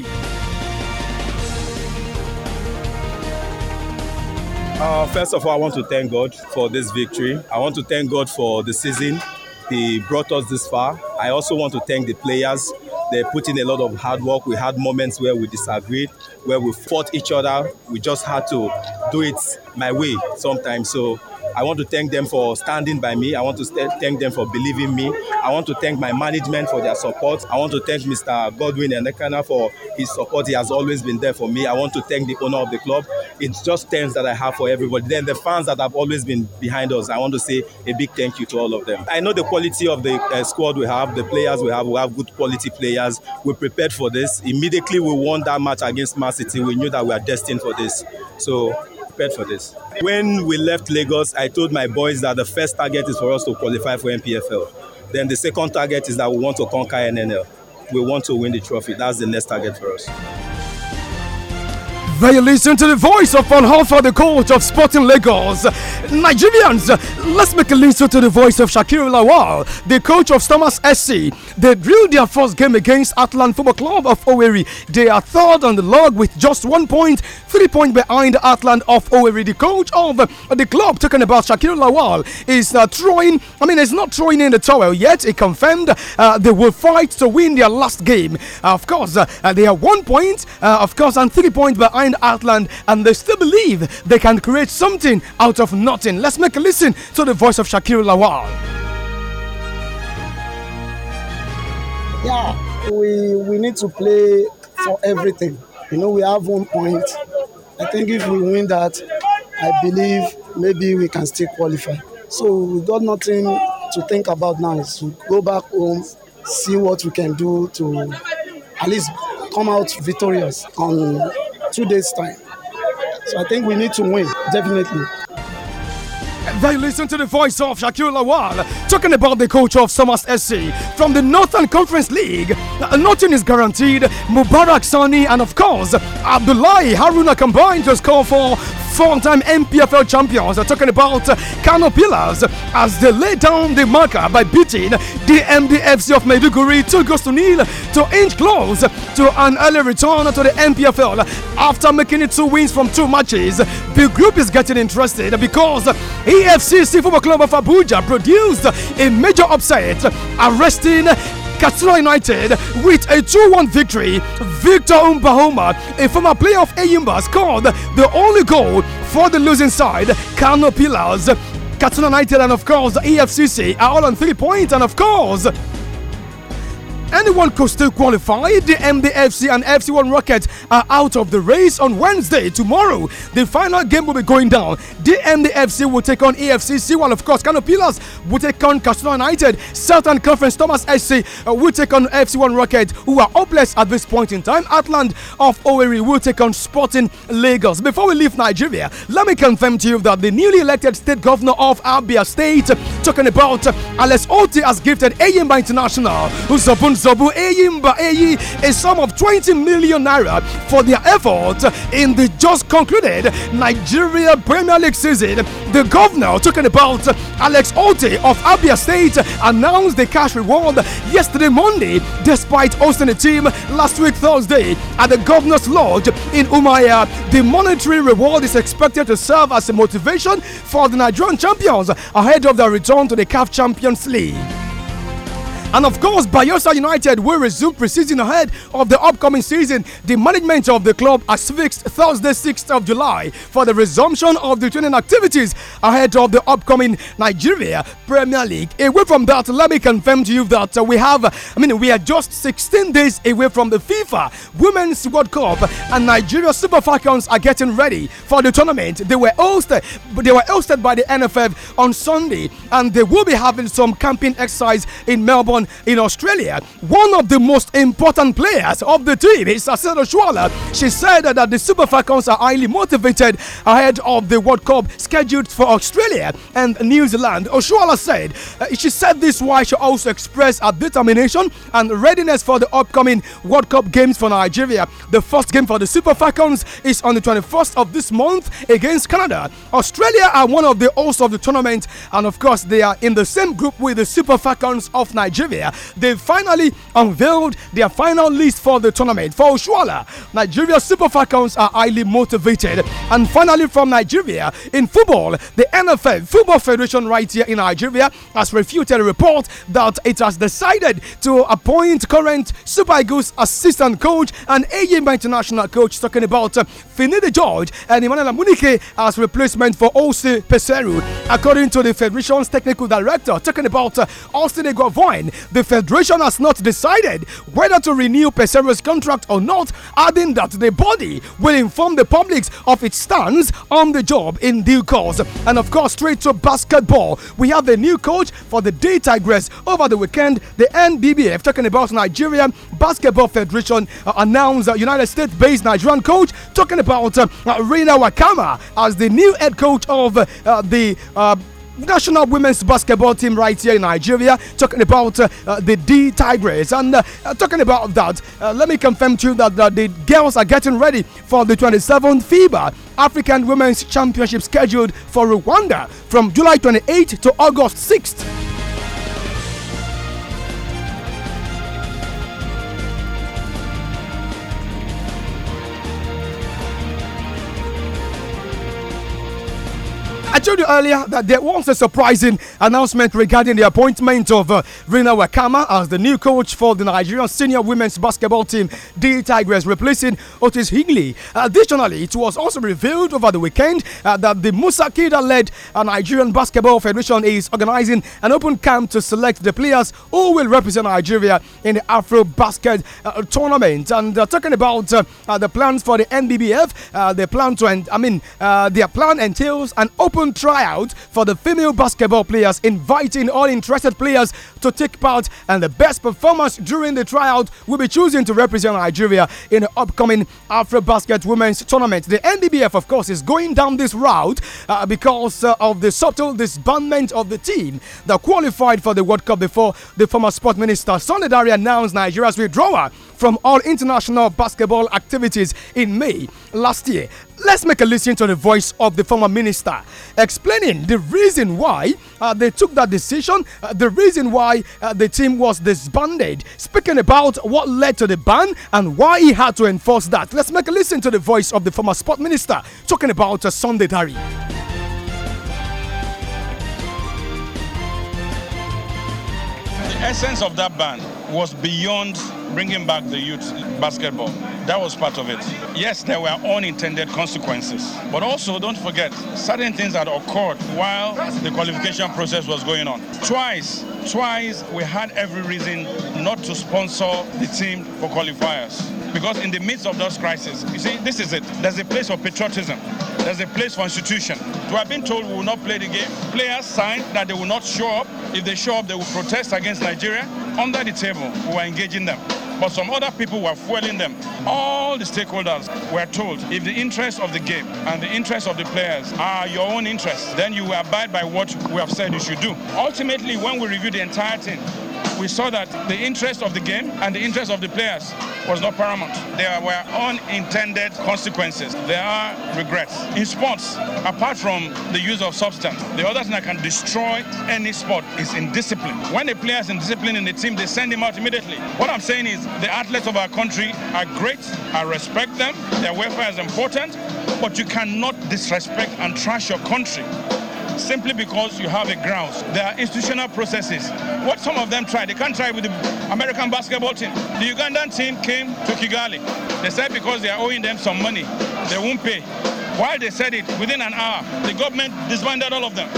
Uh, first of all, I want to thank God for this victory. I want to thank God for the season he brought us this far. I also want to thank the players. They put in a lot of hard work. We had moments where we disagreed, where we fought each other. We just had to do it my way sometimes. So I want to thank them for standing by me. I want to st- thank them for believing me. I want to thank my management for their support. I want to thank Mr. Godwin and Ekana for his support. He has always been there for me. I want to thank the owner of the club it's just thanks that I have for everybody. Then the fans that have always been behind us, I want to say a big thank you to all of them. I know the quality of the uh, squad we have, the players we have, we have good quality players. We prepared for this. Immediately we won that match against Man City, we knew that we are destined for this. So prepared for this. When we left Lagos, I told my boys that the first target is for us to qualify for MPFL. Then the second target is that we want to conquer NNL. We want to win the trophy. That's the next target for us. There you listen to the voice of Onhofa, the coach of Sporting Lagos. Nigerians, let's make a listen to the voice of Shakir Lawal, the coach of Thomas SC. They drew their first game against Atlant Football Club of Owerri. They are third on the log with just one point, three points behind Atlant of Owerri. The coach of the club, talking about Shakir Lawal, is uh, throwing, I mean, it's not throwing in the towel yet. It confirmed uh, they will fight to win their last game. Uh, of course, uh, they are one point, uh, of course, and three points behind find Outland and they still believe they can create something out of nothing. Let's make a listen to the voice of Shakir Lawal. Yeah, we, we need to play for everything. You know, we have one point. I think if we win that, I believe maybe we can still qualify. So we got nothing to think about now. Is to go back home, see what we can do to at least come out victorious on two days' time. So I think we need to win, definitely. They listen to the voice of Shaquille Lawal talking about the coach of Somers SC from the Northern Conference League. Uh, nothing is guaranteed. Mubarak Sani and, of course, Abdullahi Haruna combined to score for four-time MPFL champions are talking about Pillars as they lay down the marker by beating the MDFC of Maiduguri two goals to nil to inch close to an early return to the MPFL after making it two wins from two matches. The group is getting interested because EFCC Football Club of Abuja produced a major upset, arresting Katsina United with a 2 1 victory. Victor Umbahoma, a former player of Ayumba, scored the only goal for the losing side, Kano Pillars. Katsina United and, of course, the EFCC are all on three points, and, of course, Anyone could still qualify. The MDFC and FC1 Rockets are out of the race on Wednesday. Tomorrow, the final game will be going down. The MDFC will take on EFCC, while of course, Kano will take on Casino United. Southern Conference Thomas SC uh, will take on FC1 Rockets, who are hopeless at this point in time. Atland of Owerri will take on Sporting Lagos. Before we leave Nigeria, let me confirm to you that the newly elected state governor of Abia State, talking about uh, Alex Oti, has gifted Ayimba International, who's opened Zobu Eyimba Eyi a sum of 20 million naira for their effort in the just concluded Nigeria Premier League season. The governor talking about Alex Ote of Abia State announced the cash reward yesterday Monday despite hosting a team last week Thursday at the governor's lodge in Umaya. The monetary reward is expected to serve as a motivation for the Nigerian champions ahead of their return to the CAF Champions League. And of course, Bayosa United will resume preseason ahead of the upcoming season. The management of the club has fixed Thursday, 6th of July, for the resumption of the training activities ahead of the upcoming Nigeria Premier League. Away from that, let me confirm to you that we have, I mean, we are just 16 days away from the FIFA Women's World Cup, and Nigeria Super Falcons are getting ready for the tournament. They were hosted, they were hosted by the NFF on Sunday, and they will be having some camping exercise in Melbourne on in Australia. One of the most important players of the team is Sasero Shuala. She said that the Super Falcons are highly motivated ahead of the World Cup scheduled for Australia and New Zealand. Oshuala said uh, she said this while she also expressed her determination and readiness for the upcoming World Cup games for Nigeria. The first game for the Super Falcons is on the 21st of this month against Canada. Australia are one of the hosts of the tournament, and of course, they are in the same group with the Super Falcons of Nigeria. Nigeria. They finally unveiled their final list for the tournament. For Oshuala, Nigeria Super Falcons are highly motivated. And finally, from Nigeria, in football, the NFF, Football Federation right here in Nigeria, has refuted a report that it has decided to appoint current Super Eagles assistant coach and AYMA international coach, talking about uh, Finidi George and Emmanuel Munike as replacement for Ose Peseru. According to the Federation's technical director, talking about uh, Austin the Federation has not decided whether to renew Pesero's contract or not, adding that the body will inform the public of its stance on the job in due course. And of course, straight to basketball, we have the new coach for the Day Tigress over the weekend. The NBBF, talking about Nigeria Basketball Federation, uh, announced a United States based Nigerian coach, talking about uh, Reina Wakama as the new head coach of uh, the uh, national women's basketball team right here in Nigeria, talking about uh, uh the D Tigers. And uh, uh talking about that, uh, let me confirm to you that, that the girls are getting ready for the 27th FIBA African Women's Championship scheduled for Rwanda from July 28th to August 6th. told you earlier that there was a surprising announcement regarding the appointment of uh, Rina Wakama as the new coach for the Nigerian senior women's basketball team, the Tigers, replacing Otis Higley. Additionally, it was also revealed over the weekend uh, that the Musa Kida led uh, Nigerian Basketball Federation is organizing an open camp to select the players who will represent Nigeria in the Afro Basket uh, tournament. And uh, talking about uh, uh, the plans for the NBBF, uh, they plan to, I mean, their plan entails an open tryout for the female basketball players, inviting all interested players to take part. And the best performance during the tryout will be chosen to represent Nigeria in the upcoming AfroBasket Women's Tournament. The NDBF, of course, is going down this route uh, because uh, of the subtle disbandment of the team that qualified for the World Cup before the former sport minister Solidarity announced Nigeria's withdrawal from all international basketball activities in May last year. Let's make a listen to the voice of the former minister explaining the reason why uh, they took that decision, uh, the reason why uh, the team was disbanded, speaking about what led to the ban and why he had to enforce that. Let's make a listen to the voice of the former sport minister talking about a uh, Sunday Diary. The essence of that ban was beyond bringing back the youth basketball. That was part of it. Yes, there were unintended consequences. But also, don't forget, certain things that occurred while the qualification process was going on. Twice, twice, we had every reason not to sponsor the team for qualifiers. Because in the midst of those crises, you see, this is it. There's a place for patriotism. There's a place for institution. We have been told we will not play the game. Players signed that they will not show up. If they show up, they will protest against Nigeria. Under the table, we were engaging them but some other people were fueling them. All the stakeholders were told if the interests of the game and the interests of the players are your own interests, then you will abide by what we have said you should do. Ultimately, when we reviewed the entire thing, we saw that the interest of the game and the interest of the players was not paramount. There were unintended consequences. There are regrets. In sports, apart from the use of substance, the other thing that can destroy any sport is indiscipline. When a player is indisciplined in the team, they send him out immediately. What I'm saying is the athletes of our country are great. I respect them. Their welfare is important. But you cannot disrespect and trash your country simply because you have a grounds. There are institutional processes. What some of them tried, they can't try with the American basketball team. The Ugandan team came to Kigali. They said because they are owing them some money, they won't pay. While they said it, within an hour, the government disbanded all of them.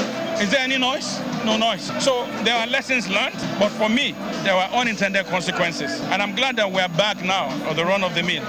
Is there any noise? no noise. So there are lessons learned, but for me, there were unintended consequences. And I'm glad that we're back now on the run of the mill.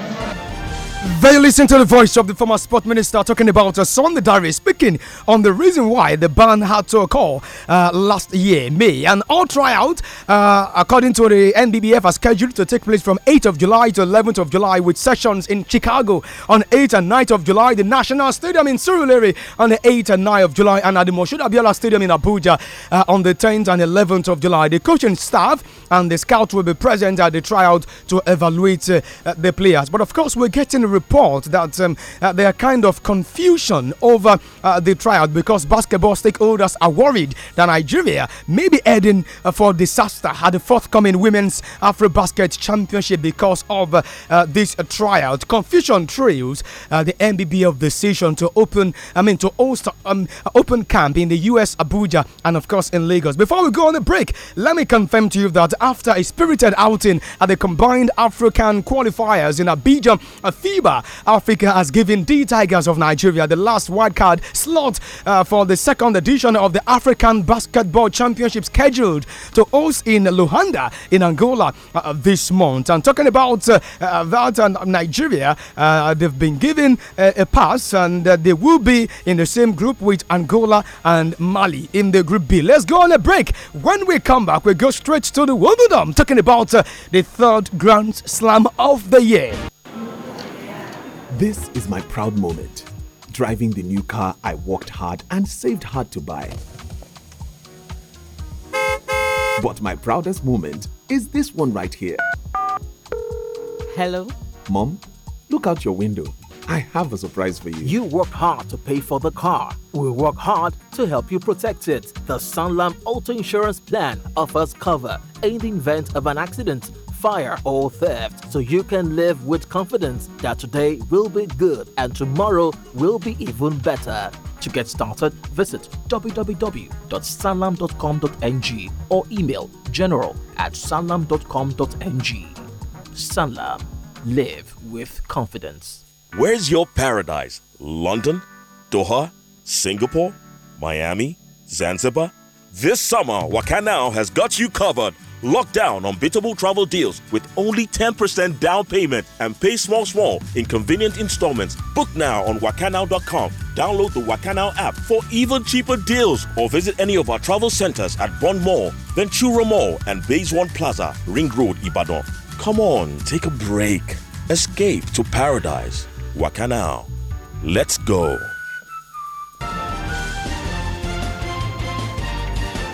They listen to the voice of the former sport minister talking about son. The Diary, speaking on the reason why the ban had to occur uh, last year, May. And all tryout, uh, according to the NBBF, are scheduled to take place from 8th of July to 11th of July, with sessions in Chicago on 8th and 9th of July, the National Stadium in Surulere on the 8th and 9th of July, and at the Moshood Abiola Stadium in Abuja uh, on the 10th and 11th of July. The coaching staff and the scout will be present at the tryout to evaluate uh, the players. But of course, we're getting report that um, uh, there are kind of confusion over uh, the tryout because basketball stakeholders are worried that Nigeria may be heading uh, for disaster at the forthcoming Women's AfroBasket Championship because of uh, uh, this tryout. Confusion trails the of decision to open, I mean, to host um, open camp in the US, Abuja, and of course in Lagos. Before we go on a break, let me confirm to you that after a spirited outing at the combined African qualifiers in Abidjan, a few. FIBA. Africa has given the Tigers of Nigeria the last wildcard slot uh, for the second edition of the African Basketball Championship scheduled to host in Luanda in Angola uh, this month. And talking about uh, uh that, uh, Nigeria, uh, they've been given a pass and uh, they will be in the same group with Angola and Mali in the Group B. Let's go on a break. When we come back, we go straight to the Wimbledon, talking about the third Grand Slam of the year. This is my proud moment. Driving the new car I worked hard and saved hard to buy. But my proudest moment is this one right here. Hello? Mom, look out your window. I have a surprise for you. You worked hard to pay for the car. We work hard to help you protect it. The Sunlam Auto Insurance Plan offers cover in the event of an accident fire or theft so you can live with confidence that today will be good and tomorrow will be even better. To get started, visit www.sanlam.com.ng or email general at sanlam.com.ng. Sanlam. Live with confidence. Where's your paradise? London? Doha? Singapore? Miami? Zanzibar? This summer, Wakanao has got you covered Lock down unbeatable travel deals with only 10% down payment and pay small, small in convenient installments. Book now on wakanow.com. Download the Wakanow app for even cheaper deals or visit any of our travel centers at Bond Mall, Ventura Mall, and One Plaza, Ring Road, Ibadan. Come on, take a break. Escape to paradise. Wakanow. Let's go.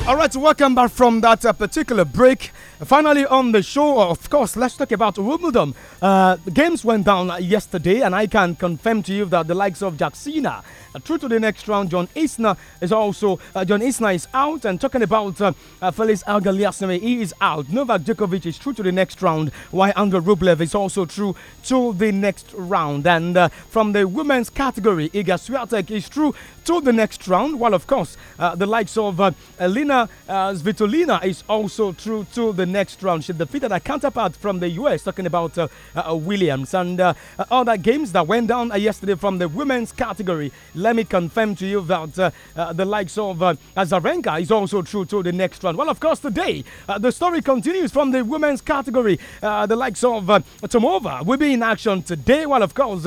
All right, welcome back from that uh, particular break. Finally, on the show, of course, let's talk about Wimbledon. Uh, games went down yesterday, and I can confirm to you that the likes of Jacksina, uh, to the next round, John Isner is also uh, John Isner is out. And talking about uh, uh, Felix he is out. Novak Djokovic is true to the next round, while Andrei Rublev is also true to the next round. And uh, from the women's category, Iga Swiatek is true to the next round, while of course uh, the likes of uh, Elena uh, Svitolina is also true to the next round. She defeated her counterpart from the US, talking about uh, uh, Williams. And uh, uh other games that went down uh, yesterday from the women's category. Let me confirm to you that uh, the likes of Azarenka is also through to the next round. Well, of course, today the story continues from the women's category. the likes of Tomova will be in action today, while, of course,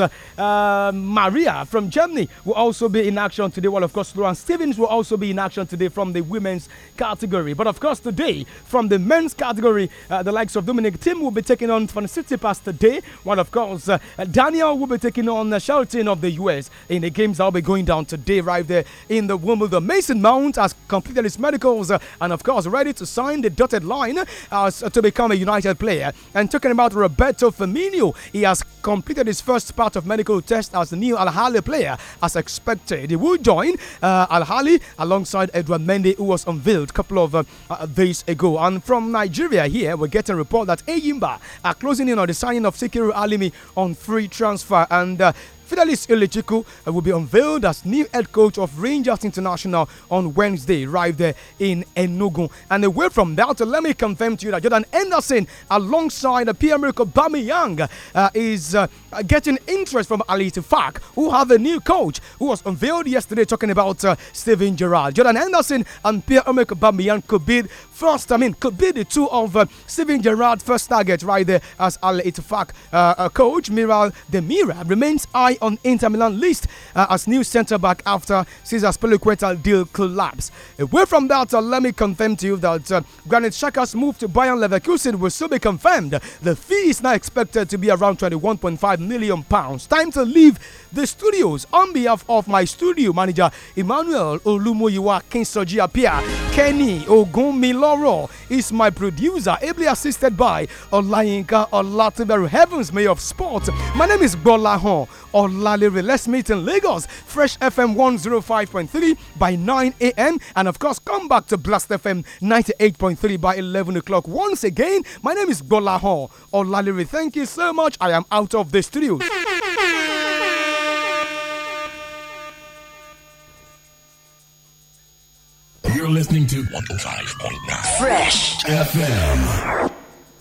Maria from Germany will also be in action today, Well, of course, Lauren Stevens will also be in action today from the women's category. But, of course, today from the men's category, category, uh, the likes of Dominic Tim will be taking on Van City Pass today, while of course uh, Daniel will be taking on the Shelton of the US in the games that will be going down today, right there in the Wimbledon. Mason Mount has completed his medicals uh, and, of course, ready to sign the dotted line uh, to become a United player. And talking about Roberto Firmino, he has completed his first part of medical test as the new Al Hali player, as expected. He will join uh, Al Hali alongside Edward Mendy, who was unveiled a couple of uh, days ago. And from Nigeria, Nigeria here, we're getting a report that Ayimba are closing in on the signing of Sekiru Alimi on free transfer. And uh, Fidelis Ilichiku uh, will be unveiled as new head coach of Rangers International on Wednesday, right there in Enugu. And away from that, uh, let me confirm to you that Jordan Anderson, alongside uh, Pierre Miracle Bamiyang, uh, is uh, getting interest from Ali Tufak, who have a new coach who was unveiled yesterday talking about uh, Steven Gerrard. Jordan Anderson and Pierre Emerick Aubameyang could be first, I mean, could be the two of uh, Steven Gerrard's first target right there as Ali Tufak coach Miral Demira remains high on Inter Milan list uh, as new centre back after Cesar Spilicueta deal collapse. Away from that, uh, let me confirm to you that uh, Granit Xhaka's move to Bayern Leverkusen will soon be confirmed. The fee is now expected to be around 21.5 million pounds. Time to leave the studios on behalf of my studio manager Emmanuel Olumoyiwa Kinsoji Apia, Kenny Ogunmiloro is my producer, ably assisted by Olayinka Olatiberu, Heavens may of Sport. My name is Bolahon Olaliri. Let's meet in Lagos, Fresh FM 105.3 by 9 a.m. And of course, come back to Blast FM 98.3 by 11 o'clock. Once again, my name is Bolahon Olaliri. Thank you so much. I am out of the studio. listening to 105.9 Fresh FM.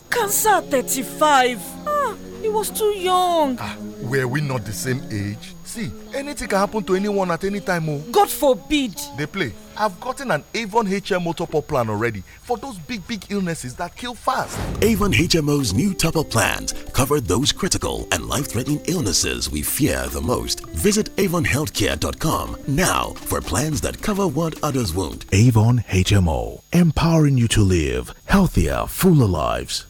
Cancer 35. Ah, he was too young. Ah, were we not the same age? See, anything can happen to anyone at any time. Oh. God forbid. They play. I've gotten an Avon HMO top up plan already for those big, big illnesses that kill fast. Avon HMO's new top up plans cover those critical and life threatening illnesses we fear the most. Visit AvonHealthcare.com now for plans that cover what others won't. Avon HMO, empowering you to live healthier, fuller lives.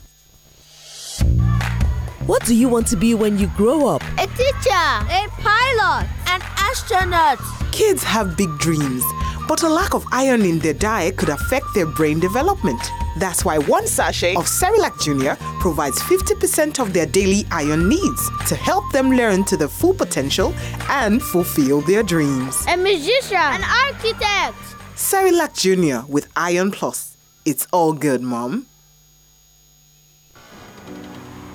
What do you want to be when you grow up? A teacher, a pilot, an astronaut. Kids have big dreams, but a lack of iron in their diet could affect their brain development. That's why one sachet of Cerilac Junior provides 50% of their daily iron needs to help them learn to their full potential and fulfill their dreams. A musician, an architect. Cerilac Junior with Iron Plus. It's all good, Mom.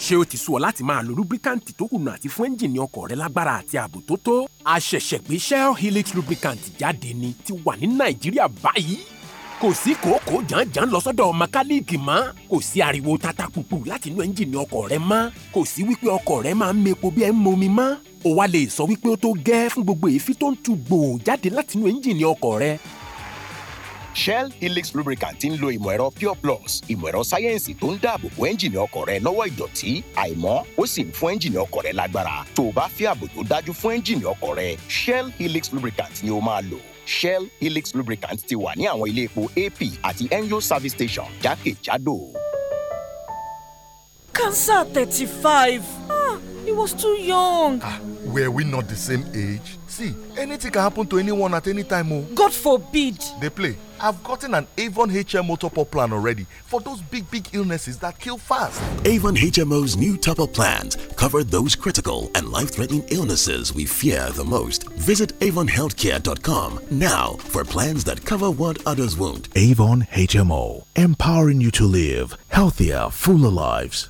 ṣé o ti sú ọ láti máa lo lubricant tó kùnà àti fún ẹ́ńjìnì ọkọ̀ rẹ lágbára àti ààbò tó tó? a gbé Shell Helix lubricant jáde ni ti wà ní Nàìjíríà báyìí. kò sí kòókòó jàǹjàǹ lọ sọ́dọ̀ mẹkáníìkì mọ́ kò sí ariwo tata pupu láti inú ẹ́ńjìnì ọkọ̀ rẹ mọ́ kò sí wípé ọkọ̀ rẹ máa ń mepo bí ẹ ń momi mọ́ o wá lè sọ wípé ó tó gẹ́ fún gbogbo èéfín tó ń tu gbòò jáde látinú ẹ́ńjìnì ọkọ̀ rẹ Shell Helix lubricant ti ń lo ìmọ̀ ẹ̀rọ Pure Plus ìmọ̀ ẹ̀rọ sáyẹ́ǹsì tó ń dáàbò bo ẹ́ńjìnì ọkọ̀ rẹ lọ́wọ́ ìdọ̀tí àìmọ́ ó sì ń fún ẹ́ńjìnì ọkọ̀ rẹ lágbára tó o bá fẹ́ ààbò tó dájú fún ẹ́ńjìnì ọkọ̀ rẹ Shell Helix lubricant ni o máa lò Shell Helix lubricant ti wà ní àwọn ilé epo AP àti NGO service station jákèjádò. Cancer thirty-five. Ah, he was too young. Ah, were we not the same age? See, anything can happen to anyone at any time. Oh. God forbid. They play. I've gotten an Avon HMO top up plan already for those big, big illnesses that kill fast. Avon HMO's new top up plans cover those critical and life threatening illnesses we fear the most. Visit avonhealthcare.com now for plans that cover what others won't. Avon HMO, empowering you to live healthier, fuller lives.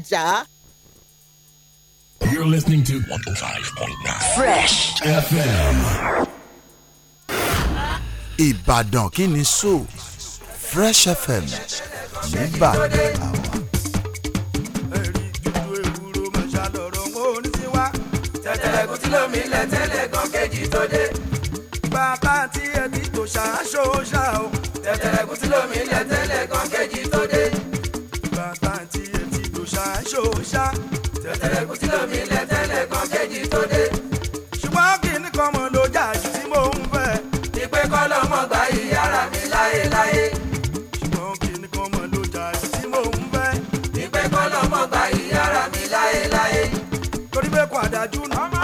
ajá. You're listening to 105.9 Fresh FM. Ìbàdàn kí ni sọ Fresh FM nìbàdàn àwa. tẹ̀lẹ̀kùn tí lómi ilẹ̀ tẹ́lẹ̀ gan kejì tó dé. bàbá àti ẹbí tó ṣàṣọ ṣá o. tẹ̀lẹ̀kùn tí lómi ilẹ̀ tẹ́lẹ̀ gan kejì tó dé. ṣòṣà. tẹ̀tẹ̀rẹ̀ kù sílò mi lẹ̀ tẹ́lẹ̀ kan kéjì tó dé. ṣùgbọ́n kìíní kan mọ̀ ló jà jù tí mò ń fẹ́. ìpè kọ́ lọ́mọ gbà ìyára mi láyéláyé. ṣùgbọ́n kìíní kan mọ̀ ló jà jù tí mò ń fẹ́. ìpè kọ́ lọ́mọ gbà ìyára mi láyéláyé. torí pé kò àdájú náà.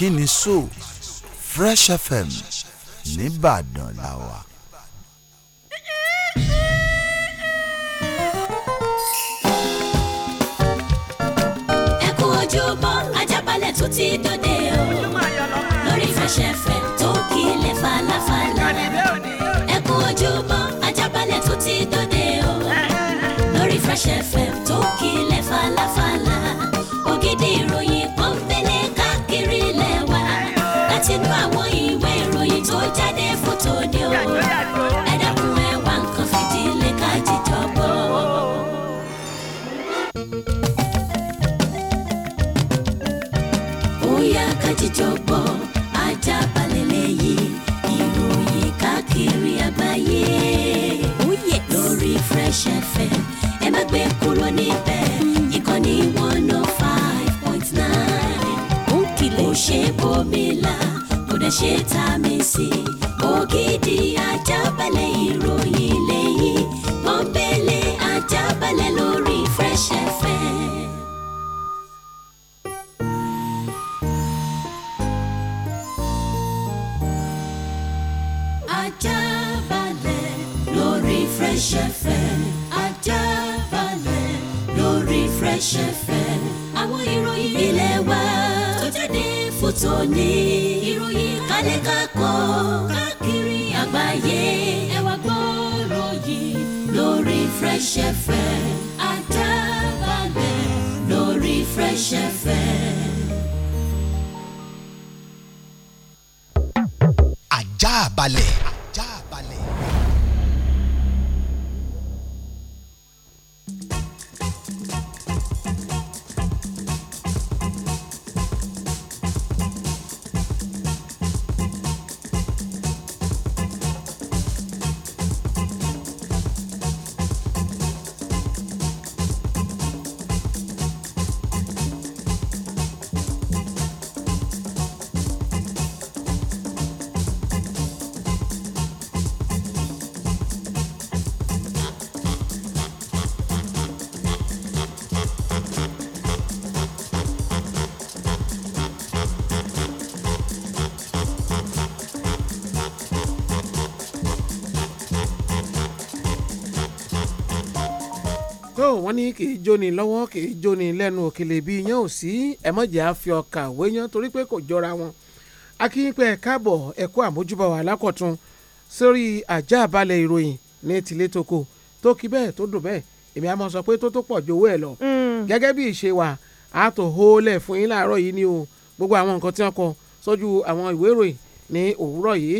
kíni sọ Fresh FM nìbàdàn. tó wọ́n ní kì í jóni lọ́wọ́ kì í jóni lẹ́nu òkèlè bí iyán ò sí ẹ̀mọ́jà fi ọkà wéyán torí pé kò jọra wọn. akínyìnpẹ̀ káàbọ̀ ẹ̀kọ́ àmójúbà wà lákọ̀tún sórí àjà àbálẹ̀ ìròyìn ní tilé toko tó kí bẹ́ẹ̀ tó dùn bẹ́ẹ̀ èmi àmọ́ sọ pé tó tó pọ̀ jowó ẹ̀ lọ. Mm. gẹ́gẹ́ bí ìṣe wa a tó hólẹ̀ fún yín láàárọ̀ yìí ni o gbogbo àwọn nǹkan tí wọ́n kọ sójú àwọn ìwé ìròyìn ní òwúrọ̀ yìí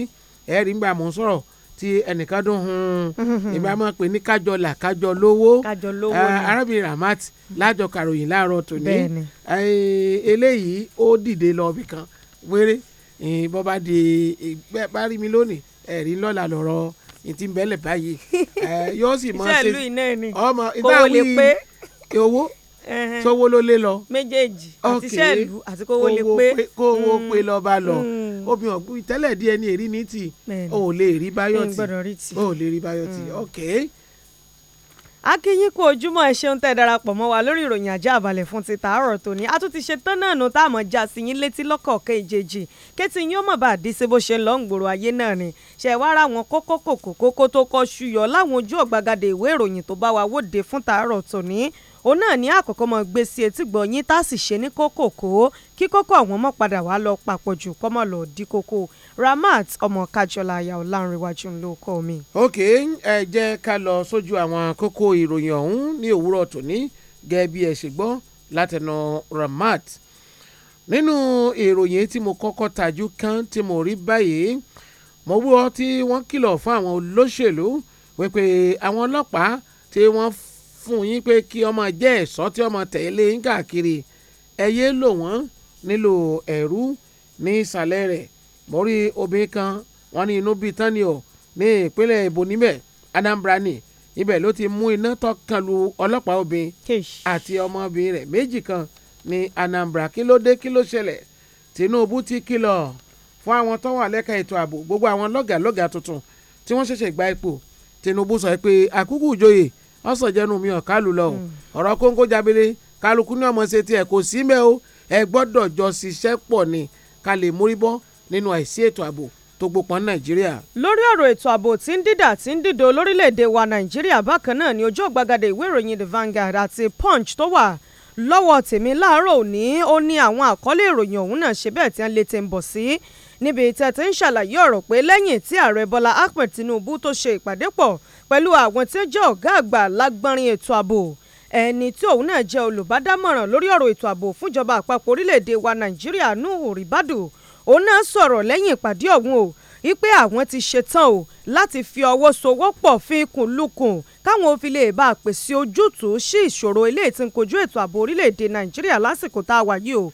ẹ̀rí ń gbà mò sọ̀rọ̀ tí ẹnìkan dún hun ìgbà mm-hmm. máa pè ní kájọ là kájọ lówó eh, arábìnrin Ramat lájọ kàròyìn láàárọ̀ tòní eh, eléyìí ó dìde lọ ibì kan wéré eh, bó bá di bá rí mi lónìí ẹ̀rí lọ́la lọ́rọ̀ ìtì ń bẹ́lẹ̀ báyìí yóò sì máa ṣe ọmọ ìdáwí owó sówó ló lé lọ. méjèèjì àti iṣẹ́ ìlú àti kówó lè pé. kówó mm. pé lọ́ba lọ mm. obìnrin ọ̀gbìn ìtẹ́lẹ̀ díẹ̀ ní èrí ní tì o ò lè rí báyọ̀tì o ò lè rí báyọ̀tì ok. akínyìn kú ojúmọ́ ẹ ṣeun tẹ́ darapọ̀ mọ́ wa lórí ìròyìn ajá àbálẹ̀ fún ti tàárọ̀ tòní a tún ti ṣe tán náà nu tá a mọ̀ já sí yín létí lọ́kọ̀ọ̀kan ìjejì kétí yín ó mọ̀ bá a dí sí bó ṣe ń lọ ń gbòòrò ayé náà ni ṣe wá ra wọn kókó kòkó kókó tó kọ́ ṣuyọ̀ láwọn ojú ọ̀gbagadè ìwé ìròyìn tó bá wa wòde fún tàárọ̀ tòní òun náà ní àkọ́kọ́ mọ́ gbé sí etígbọ̀ yín tá a sì ṣe ní kókòkó kí kókó ọ̀hún mọ́ padà wá lọ papọ̀jù kọ́mọ́ lọ dí kókó Ramat ọmọ Kájọlá aya Ọlánrewájú ń ló kọ́ mi. ok ẹ jẹ́ ká lọ sójú àwọn kókó ìròyìn ọ̀hún ní òwúrọ̀ tòní gẹ́gẹ́ bí ẹ ṣe gbọ́ látẹnu Ramat nínú ìròyìn tí mo kọ́kọ́ tajú kan tí mo rí báyìí mo wúwo tí wọ́n kìlọ̀ fún àwọn olóṣèlú wípé àwọn ọlọ́pàá tí wọ́n fún yín pé kí ọmọ jẹ́ ẹ̀ṣọ́ tí ọmọ tẹ̀lé yín káàkiri ẹ̀yẹ́ lò wọ́n nílò ẹ̀rú ní ìsàlẹ̀ rẹ̀ mọ́rí obìnrin kan wọ́n ní inú bíi tán ni ọ̀ ní ìpínlẹ̀ ìbò níbẹ̀ Anambra ni ibẹ̀ ló ti mú iná tó kan lu ọlọ́pàá obìnrin àti ọmọbìnrin rẹ̀ méjì kan ní Anambra kí ló dé kí ló ṣẹlẹ̀ Tinubu ti kìlọ̀ fún àwọn tó wà lẹ́ka ètò ààbò gbogbo àwọn lọ́gàlọ́gà tuntun tí wọ́n ṣẹ̀ṣẹ̀ gba ipò Tinubu sọ pé àkúkú ìjòyè wọ́n sọ̀jẹ́nu mi ò kálù lọ hmm. ọ̀rọ̀ kóńkó jábélé kálukú ní ọmọ ṣe tiẹ̀ kò sí mẹ́ o ẹ gbọ́dọ̀ jọ ṣiṣẹ́ pọ̀ ni ká lè mórí bọ́ nínú àìsí ètò ààbò tó gbópọn nàìjíríà. lórí ọ̀rọ̀ ètò ààbò tí ń dídà tí ń dìdò lórílẹ̀‐èdè wa nàìjíríà bákan náà ni ojú ọ̀gbagadè ìwé ìròyìn the Vanguard àti Punch tó wà lọ́wọ́ tèmi láàárọ̀ òní ó ní àwọn àkọlé ìròyìn ọ̀hún náà ṣe bẹ́ẹ̀ tí wọ́n lè ti ń bọ̀ sí níbi tẹ̀ ń ṣàlàyé ọ̀rọ̀ pé lẹ́yìn tí ààrẹ Bọ́lá Ahmed Tinubu tó ṣe ìpàdé pọ̀ pẹ̀lú àwọn tí ń jẹ́ ọ̀gá àgbà lágbọ́nrin ètò ààbò ẹni tí òun náà jẹ́ olùbádámọ̀ràn lórí ọ̀rọ̀ ètò ààbò fúnjọba àpapọ̀ orílẹ̀-èdè wa Nàìjíríà Nuhu Ribadu òun náà sọ̀rọ̀ lẹ́yìn ìpàdé ọ̀hún o wípé àwọn ti ṣetán o láti fi ọwọ́ sowọ́pọ̀ fi ikùn lukùn káwọn ò fi lè bá a pèsè ojútùú sí ìṣòro eléyìí tí ń ètò ààbò orílẹ̀-èdè Nàìjíríà lásìkò tá a wà yìí o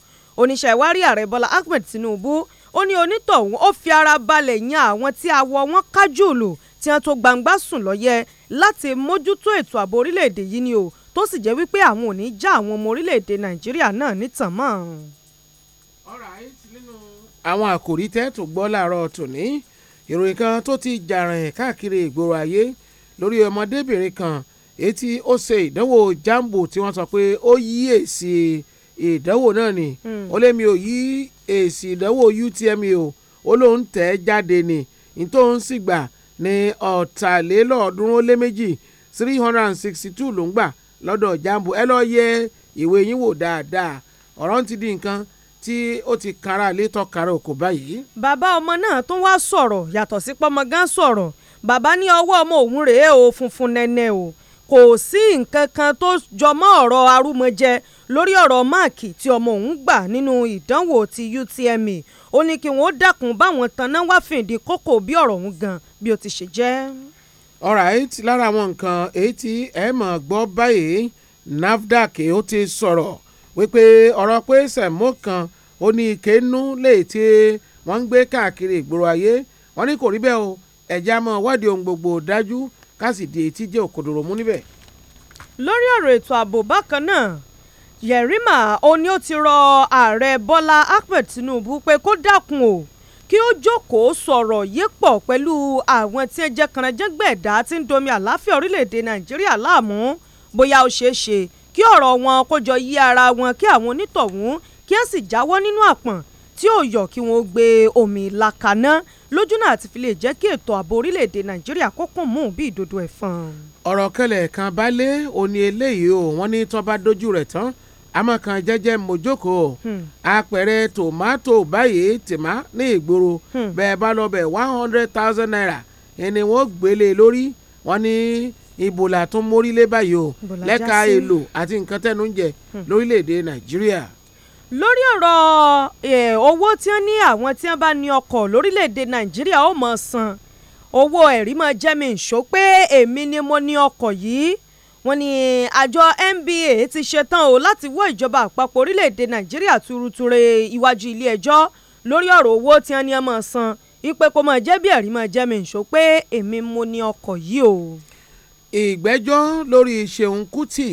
oníṣẹ́ ìwárí ààrẹ Bọ́lá Ahmed Tinubu ó ní onítọ̀hún ó fi ara balẹ̀ yan àwọn tí awọ wọn kájùlù tí wọ́n tó gbangba sùn lọ́yẹ láti mójútó ètò ààbò orílẹ̀-èdè yìí ni o tó sì jẹ́ wípé àwọn ò ní já àwọn ọmọ orílẹ̀-èdè nàìjíríà náà nítàn mọ́. àwọn àkòrí tẹ́ tó gbọ́ láàárọ̀ tòní ìròyìn kan tó ti jàrìn káàkiri ìgboro ayé lórí ọmọdébìnrin kan etí ó ṣe ìdánwò jambo tí wọ́n sọ pé ó yí èsì ìdánwò náà ni hmm. ó lé mi ò yí èsì ìdánwò UTME o ó lóun tẹ̀ jáde ni nítòun sì gbà ní ọ̀tàlélọ́ọ̀ọ́dúnrún ó lé méjì three hundred and sixty two ló ń gbà lọ́dọ̀ jambo ẹ lọ́ọ́ yẹ ìwé yín wò dáadáa ọ̀rọ̀ ti di nǹkan tí ó ti kára létọ́ kára òkò báyìí. bàbá ọmọ náà tún wá sọ̀rọ̀ yàtọ̀ sí pọ́mọ gan sọ̀rọ̀ bàbá ní ọwọ́ ọmọ òun rèé o funfun nẹ́nẹ́ o kò sí nǹkan kan tó jọmọ́ ọ̀rọ̀ arúmọjẹ lórí ọ̀rọ̀ máàkì tí ọmọ òun gbà nínú ìdánwò ti UTME ó ní kí wọ́n dákun báwọn tanná wá fìdí kókó bí ọ̀rọ̀ ọ̀hún gan bí ó ti ṣe jẹ́. alright lára àwọn nǹkan èyí tí ẹ mọ̀ gbọ́ báyìí NAFDAC ó ti sọ̀rọ̀ wípé ọ̀rọ̀ pé sẹ̀mó kan ó ní ìkéńnú lè ti wọ́n ń gbé káàkiri ìgboro ayé wọ́n ní kò rí bẹ́ẹ̀ o ẹ̀já mọ́ wádìí ohun gbogbo dájú ká sì di etí jẹ́ òkòdòrò mú níbẹ̀. lórí ọ̀rọ̀ ètò ààbò bákan náà Yerima Oni ó ti rọ Ààrẹ Bọ́lá Ahmed Tinubu pé kó dákun o kí ó jókòó sọ̀rọ̀ yípọ̀ pẹ̀lú àwọn tí ń jẹ́ kànáńjẹ́gbẹ̀ ẹ̀dá tí ń domi àláfíà orílẹ̀-èdè Nàìjíríà láàmú bóyá ó ṣeé ṣe kí ọ̀rọ̀ wọn kó jọ yí ara wọn kí àwọn onítọ̀hún kí ẹ sì jáwọ́ nínú àpọ̀n tí ó yọ kí wọ́n gbé omi làkàná lójú náà àti fi lè jẹ́ kí ètò ààbò orílẹ̀-èdè Nàìjíríà kó mú bí ìdodo ẹ̀fọn. ọ̀rọ̀ kẹlẹ̀ kan bá lé òní eléyìí o wọ́n ní tó bá dojú rẹ̀ tán àmọ́ kan jẹ́jẹ́ mojoko àpẹẹrẹ hmm. tòmátò báyìí tìmá ní ìgboro hmm. bẹ́ẹ̀ bá lọ bẹ̀ one hundred thousand naira ẹni wọ́n gbélé lórí wọ́n ní ìbòlà tó mórílé báyìí o lẹ́ka èlò àti nǹkan tẹ́nu ń jẹ hmm. lórílẹ̀‐èdè nàìjíríà. lórí ọ̀rọ̀ owó tí wọ́n ní àwọn tí wọ́n bá ní ọkọ̀ lórílẹ̀‐èdè nàìjíríà ó mọ̀ san owó ẹ̀rí mọ̀ jẹ́mi ìṣó pé èmi ni mo ní ọkọ̀ yìí wọ́n ní àjọ NBA ti ṣetán o láti wọ́ ìjọba àpapọ̀ orílẹ̀-èdè nàìjíríà tuuruture iwájú ilé ẹjọ́ lórí ọ̀rọ̀ owó tí wọ́n ní ẹ máa san ipe kó máa jẹ́ bí ẹ̀rí máa jẹ́ mi ṣó pé èmi mo ní ọkọ̀ yìí o. ìgbẹ́jọ́ lórí Ṣeun Kútì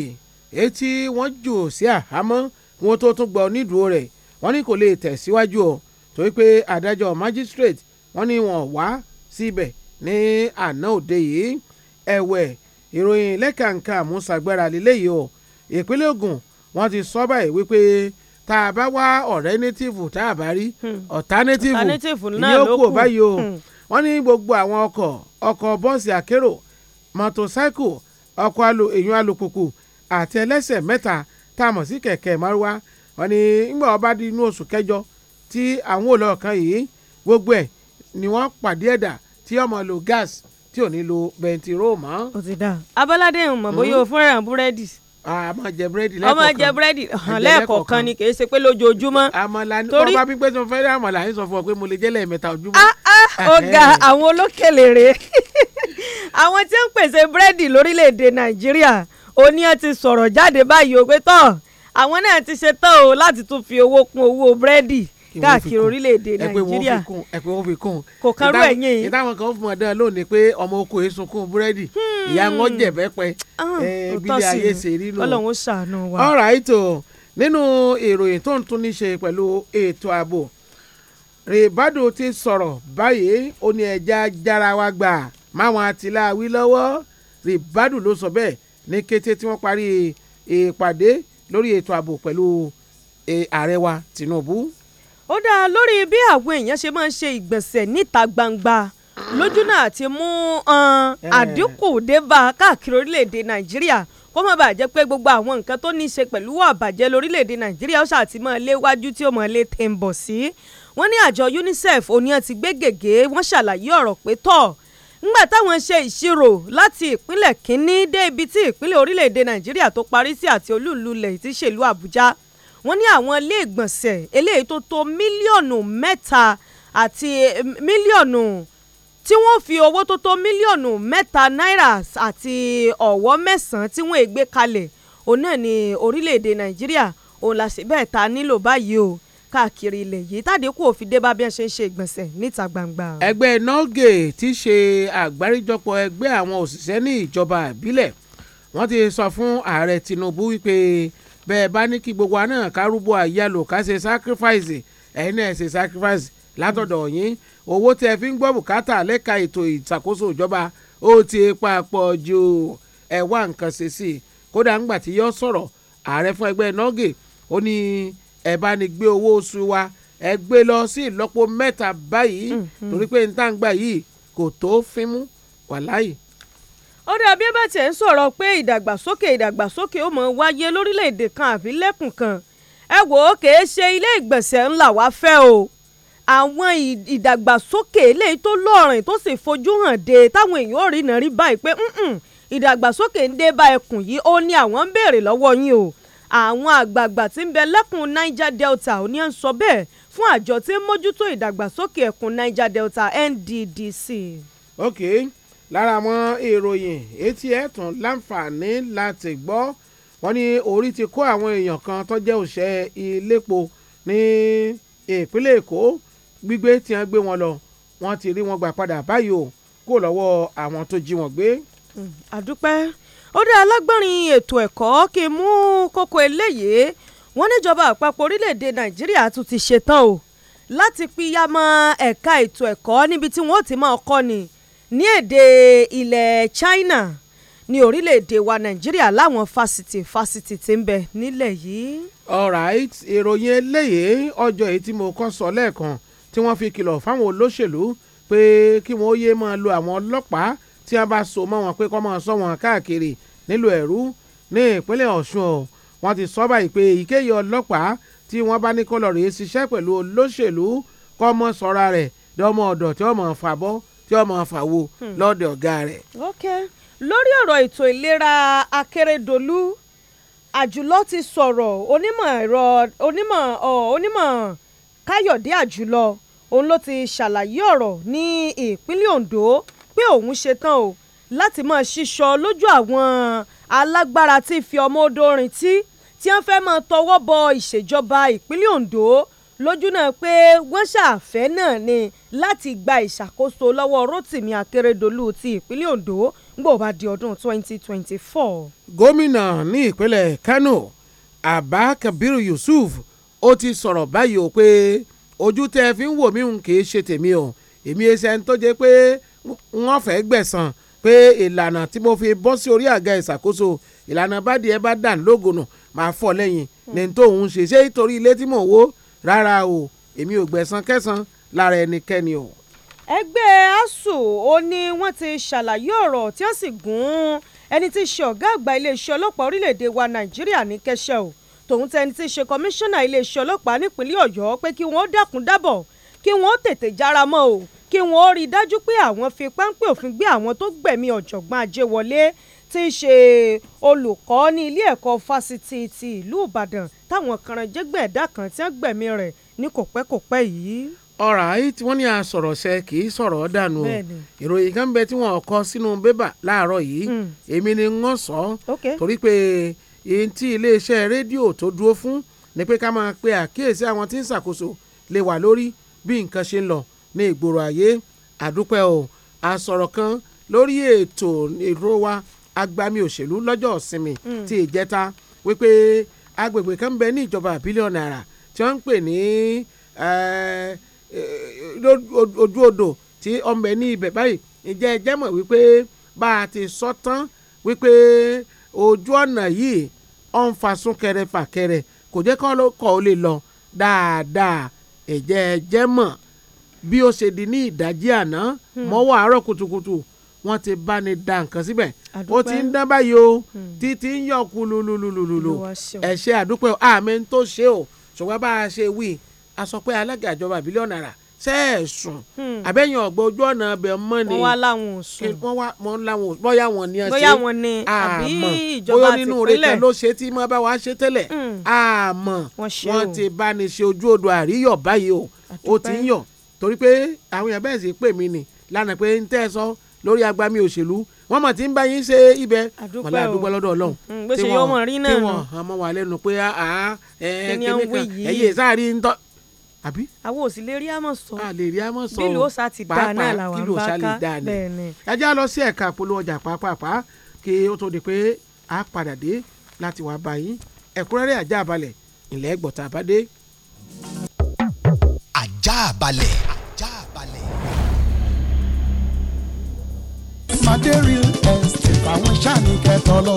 etí wọ́n jù sí àhámọ́ wọn tó tún gba onídùúró rẹ̀ wọ́n ní kò lè tẹ̀síwájú o torí pé adájọ́ magistrate wọ́n ní wọ́n wá síbẹ̀ ní àná òde yìí ẹ̀wẹ̀ ìròyìn lẹ́kàǹkà àmúṣagbára lélẹ́yìí o ìpínlẹ̀ Ògùn wọ́n ti sọ báyìí wípé tá a bá wá ọ̀rẹ́ nẹ́tìfù tá a bá rí hmm. ọ̀tá nẹ́tìfù ìyẹn ó kú báyìí o hmm. wọ́n ní gbogbo àwọn ọkọ̀ ọkọ̀ bọ́ọ̀sì àkérò mọ́tòsáìkò ọkọ̀ èèyàn alùpùpù àti ẹlẹ́sẹ̀ mẹ́ta tá a mọ̀ sí kẹ̀kẹ́ márúwá wọ́n ní ńgbà ọba di inú oṣù kẹjọ tí àwọn olóòkan yìí gbogbo ẹ̀ ni wọ́n pàdé ẹ̀dà tí ọmọ lo gas tí ò ní lo bẹntiróò mọ́. o ti dà abọ́ládé ń mọ̀ bóyá o hmm? fẹ́ràn búrẹ́dì. a máa jẹ búrẹ́dì lẹ́ẹ̀kọ̀kan. a máa jẹ búrẹ́dì lẹ́ẹ̀kọ̀kan ni kì í ṣe pé lójoojúmọ́. àmàlà ni ọba pípẹ́ tó fẹ́ rí àmàlà yín sọ fún ọ pé mo lè jẹ́ lẹ́ẹ̀mẹ́ta ojúmọ́. ọ̀gá ah, ah, àwọn olókèlè rèé àwọn tí ń pèsè búrẹ́dì lórílẹ̀‐èdè nàìjíríà òní ẹ ti sọ̀rọ̀ jáde báyìí o pé tán àwọn náà ti ṣe tán o láti tún fi owó kún owó búrẹ́dì káàkiri orílẹ̀-èdè nàìjíríà ẹ pé wọ́n fi kún un kò kárú ẹ̀yìn yìí ìtàwọn kan fún ọ̀dọ́ lónìí pé ọmọ oko yìí sunkún búrẹ́dì hmm. ìyá wọn jẹ̀bẹ́ pẹ́ ìbílẹ̀ ah, ayé ṣe rí nù. ọlọ́run ó ṣàánú wa. all right o nínú ìròyìn tó ń tún ní ṣe pẹ̀lú ètò ààbò rìbádò ti sọ̀rọ̀ báyìí ó ní ẹja jára wa gbà máwọn àtìláwí lọ́wọ́ rìbádò ló sọ bẹ́ẹ̀ ní kété tí wọ́n parí ìpàdé lórí ètò ààbò pẹ̀lú e, ààrẹ wa Tinubu ó dáa lórí bí àwọn èèyàn ṣe máa ń ṣe ìgbọ̀nsẹ̀ níta gbangba lójú náà ti mú uh, eh. àdínkù débà káàkiri orílẹ̀-èdè nàìjíríà kó má bàa jẹ́ pé gbogbo àwọn nǹkan tó ní í ṣe pẹ̀lú àbàjẹ́ lórílẹ̀‐èdè nàìjíríà ó ṣàti mọ́ léwájú tí ó mọ́ lé tẹ̀ ń bọ̀ sí. wọ́n ní àjọ unicef oníyàn ti gbé gègé wọ́n ṣàlàyé ọ̀rọ̀ pé tọ̀ ńgbà táwọn ṣe ìṣirò láti ìpínlẹ̀ kínní dé ibi tí ìpínlẹ̀ orílẹ̀‐èdè nàìjíríà tó parí sí àti olúùlú lẹ̀ tí ṣèlú àbújá wọ́n ní àwọn ilé ìgbọ̀nsẹ̀ eléyìí tó tó mílíọ̀nù mẹ́ta àti eh, mílíọ̀nù tí wọ́n fi owó tó tó mílíọ̀nù mẹ́ta náírà àti ọ̀wọ́ mẹ́sàn-án tí wọ́n gbé kalẹ̀ òun náà ní orílẹ̀-èdè nàìjíríà òun la ṣe bẹ́ẹ̀ ta nílò báyìí o káàkiri ilẹ̀ yìí tàdé kò fi dé bá bí wọ́n ṣe ń ṣe ìgbọ̀nsẹ̀ níta gbangba. ẹgbẹ́ nolgate ti ṣe àgbáríjọpọ̀ ẹgbẹ́ àwọn òṣìṣẹ́ ní ìjọba ìbílẹ̀ wọ́n ti sọ fún ààrẹ tinubu wípé bẹ́ẹ̀ bá ní kí gbogbo àná kárúbọ àyálò ká ṣe sacrifice ẹ̀yin náà ṣe sacrifice látọ̀dọ̀ yín owó tẹ fi ń gbọ́ bùkátà lẹ́ka ètò ìṣàkóso ìjọba ti papọ̀ ju ẹ̀ nǹkan ṣe sí i kódà ńgbà tí yọ sọ̀rọ̀ ààrẹ fún ẹgbẹ́ nọ́gẹ̀ ó ní ẹ̀ bá ní gbé owó oṣù wa ẹ gbé lọ sí ìlọ́po mẹ́ta báyìí mm-hmm. torí pé ọ̀dà bí ń sọ̀rọ̀ pé ìdàgbàsókè ìdàgbàsókè ó mọ̀ wáyé lórílẹ̀ kan àbí lẹ́kùn kan ẹ wò ó kèé ṣe ilé ìgbọ̀nsẹ̀ ńlá wá fẹ́ o àwọn ìdàgbàsókè eléyìí tó lọ́ọ̀rìn tó sì fojú hàn de táwọn èèyàn ò rí náà rí báyìí pé ìdàgbàsókè ń dé bá ẹkùn yìí ó ní àwọn ń béèrè lọ́wọ́ yín o àwọn àgbààgbà tí ń bẹ lẹ́kùn Niger Delta ò ní ẹ̀ ń sọ bẹ́ẹ̀ fún àjọ tí ń mójútó ìdàgbàsókè ẹkùn Niger Delta NDDC. okay lára àwọn ìròyìn etí ẹ̀tún láǹfààní láti gbọ́ wọn ní orí ti kó àwọn èèyàn kan tó jẹ́ òṣẹ́ ilépo ní ìpínlẹ̀ èkó gbígbé tí wọ́n gbé wọn lọ wọ́n ti rí wọn gbà padà báyìí o kó lọ́wọ́ àwọn tó jí wọn gbé. àdúpẹ́ hmm, ó dá alágbọ́nrin ètò ẹ̀kọ́ kí n mú kókó eléyìí wọ́n níjọba àpapọ̀ orílẹ̀-èdè nàìjíríà tún ti ṣetán o láti píyà ẹ̀ka ètò ẹ̀kọ́ níbi tí wọ́n ti máa kọ́ ni ní èdè ilẹ̀ China ní orílẹ̀-èdè wa Nàìjíríà láwọn fásitì fásitì tí ń bẹ nílẹ̀ yìí. alright ìròyìn eléyìí ọjọ́ èyí tí mo kọ́ sọ lẹ́ẹ̀kan tí wọ́n fi kìlọ̀ fáwọn olóṣèlú pé kí wọ́n ó máa lo àwọn ọlọ́pàá tí wọ́n bá so mọ́ wọn pé kọ́ máa sọ wọn káàkiri nílùú ẹ̀rú ní ìpínlẹ̀ Ọ̀ṣun o wọ́n ti sọ báyìí pé ìkéyìí ọlọ́pàá tí wọ́n bá ní kọ́lọ̀ rèé ṣiṣẹ́ pẹ̀lú olóṣèlú kọ́ mọ́ sọ́ra rẹ̀ dọ́mọ ọ̀dọ̀ tí wọ́n mọ̀ fàbọ́ tí ọmọ fàwo hmm. lọ́dọ̀ ọ̀gá rẹ̀. okay lórí ọ̀rọ̀ ètò ìlera akérèdọ́lù àjùlọ ti sọ̀rọ̀ onímọ̀ ẹ̀rọ onímọ̀ onímọ̀ káyọ̀dé àjùlọ òun ló ti ṣàlàyé ọ̀rọ̀ ní ìpínlẹ̀ ondo pé òun ṣetán o láti máa ṣíṣọ lójú àwọn alágbára tí fi ọmọ odò rìn tí tí wọ́n fẹ́ máa tọwọ́ bọ ìṣèjọba ìpínlẹ̀ ondo lójúnà pé wọ́n ṣàfẹ́ náà ni láti gba ìṣàkóso lọ́wọ́ Rotimi Akeredolu ti ìpínlẹ̀ Ondo gbòòbá di ọdún 2024. gómìnà ní ìpínlẹ̀ Kano Abba Kabiru Yusuf ó ti sọ̀rọ̀ báyìí o pé ojú tẹ́ fi ń wò mí n kì í ṣe tèmi o èmi e ẹsẹ̀ ń tó jẹ́ pé wọ́n fẹ́ gbẹ̀san pé ìlànà tí mo fi bọ́ sí orí àga ìṣàkóso ìlànà bá di ẹ bá dàn lógo nù máa fọ́ lẹ́yìn hmm. ní tóun ṣe ṣé nítorí ilé tí mò ń wó rárá o èmi ò gbẹ̀san kẹsàn lára ẹnikẹ́ni o. ẹgbẹ́ asuu ó ní wọ́n ti ṣàlàyé ọ̀rọ̀ tí ó sì gún ẹni tí í ṣe ọ̀gá àgbà iléeṣẹ́ ọlọ́pàá orílẹ̀‐èdè wa nàìjíríà ní kẹsẹ̀ o tòun tẹni tí í ṣe kọmíṣánná iléeṣẹ́ ọlọ́pàá nípínlẹ̀ ọ̀yọ́ pé kí wọ́n dákun dábọ̀ kí wọ́n tètè jára mọ́ o kí wọ́n rí i dájú pé àwọn fi páńpẹ́ òfin gbé àwọn tó gbẹ̀mí ọ̀jọ̀gbọ́n ajé wọlé tí í ṣe olùkọ́ ní ilé ẹ̀kọ́ fásitì ti ìlú Ìbàdàn táwọn kàràǹjẹ́gbẹ̀ ẹ̀dá kan tí wọ́n gbẹ̀mí rẹ̀ ní kòpẹ́kòpẹ́ yìí. alright wọ́n ní asọ̀rọ̀ṣẹ́ kì í sọ̀rọ̀ dànù o ìròyìn kan bẹ tí wọ́n kọ sínú bébà láàárọ̀ yìí hmm. èmi ni wọ́n sọ torí pé èyí tí iléeṣẹ́ rédíò tó dúró fún ni pé ká máa pe àkíyèsí àwọn tí ń ṣàkóso lè wà lórí bí nǹkan ṣe ń lọ ní ìgboro ayé àdúpẹ́ o àsọ̀rọ̀ kan lórí ètò èrò wa agbami òṣèlú lọ́jọ́ ìsinmi mm. ti ìjẹta wípé agbègbè kan bẹ ní ìjọba bílíọ̀nù náírà tí wọ́n ń pè ní eh, eh, ojú odò tí ọmọ ẹ̀ ní ibẹ̀ báyìí ìjẹ́ ẹ jẹ́ mọ̀ wípé bá a ti sọ tán wípé ojú ọ̀nà yìí ọ̀ ń fa súnkẹrẹ fàkẹrẹ kò jẹ́ kọ́ ọ lè lọ dáadáa ẹ̀jẹ̀ ẹ mọ̀ bí ó ṣe di ní ìdájí àná hmm. mọ́wọ́ àárọ̀ kùtùkùtù wọ́n ti bá ní da nǹkan síbẹ̀ ó ti ń dán báyìí o hmm. títí ń yọ kulululululu ẹ̀ṣẹ̀ àdúpẹ́ o àmì ń tó ṣe o ṣùgbọ́n bá a ṣe wí a sọ pé alága ìjọba bílíọ̀nù náírà sẹ́ẹ̀sùn hmm. àbẹ̀yìn ọ̀gbọ́n ojú ọ̀nà abẹ̀ mọ́ ni wọ́n wá láwọn òsùn wọ́n wá wọ́n láwọn òsùn bóyá wọn ni bóyá wọn ni àbí ìjọba ti pínlẹ̀ bóyá nínú rẹ̀ kan ló ṣe tí mo bá wa ṣe tẹ́lẹ̀ hmm. àmọ́ wọ́n ti bá ní ṣe ojú odò àríyọ̀ báyìí o ó ti ń yọ̀ torí pé àwọn èèyàn bẹ́ẹ̀ sì pè mí ni lánàá pé ń tẹ́ ẹ sọ lórí agbami òṣèlú wọ́n mọ̀ tí ń bá yín ṣe ibẹ̀ wọ́n lè àdúgbò lọ́dọ̀ ọlọ́run mm, tí wọ́n tí wọ́n àmọ́ wà lẹ́nu pé ah, ah, eh, ẹ̀yẹ sáàrí ń tọ́ àbí. àwọn ò sì lè rí àmọ̀ sọ a lè rí àmọ̀ sọ bílò sá ti dáa náà làwọn bá ká bẹ́ẹ̀ ni. ẹ lọ sí ẹ̀ka polówó ọjà pàápàá kí ó tó di pé a padà dé láti wàá bá yín ẹ̀kúnrẹ́rẹ́ àjàbalẹ̀ ilẹ̀ ẹ̀gbọ̀ta àbádé. àjàbalẹ̀. máa dé real estate àwọn sáà ní kẹtọ lọ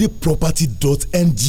sunnybodeproperty.ng.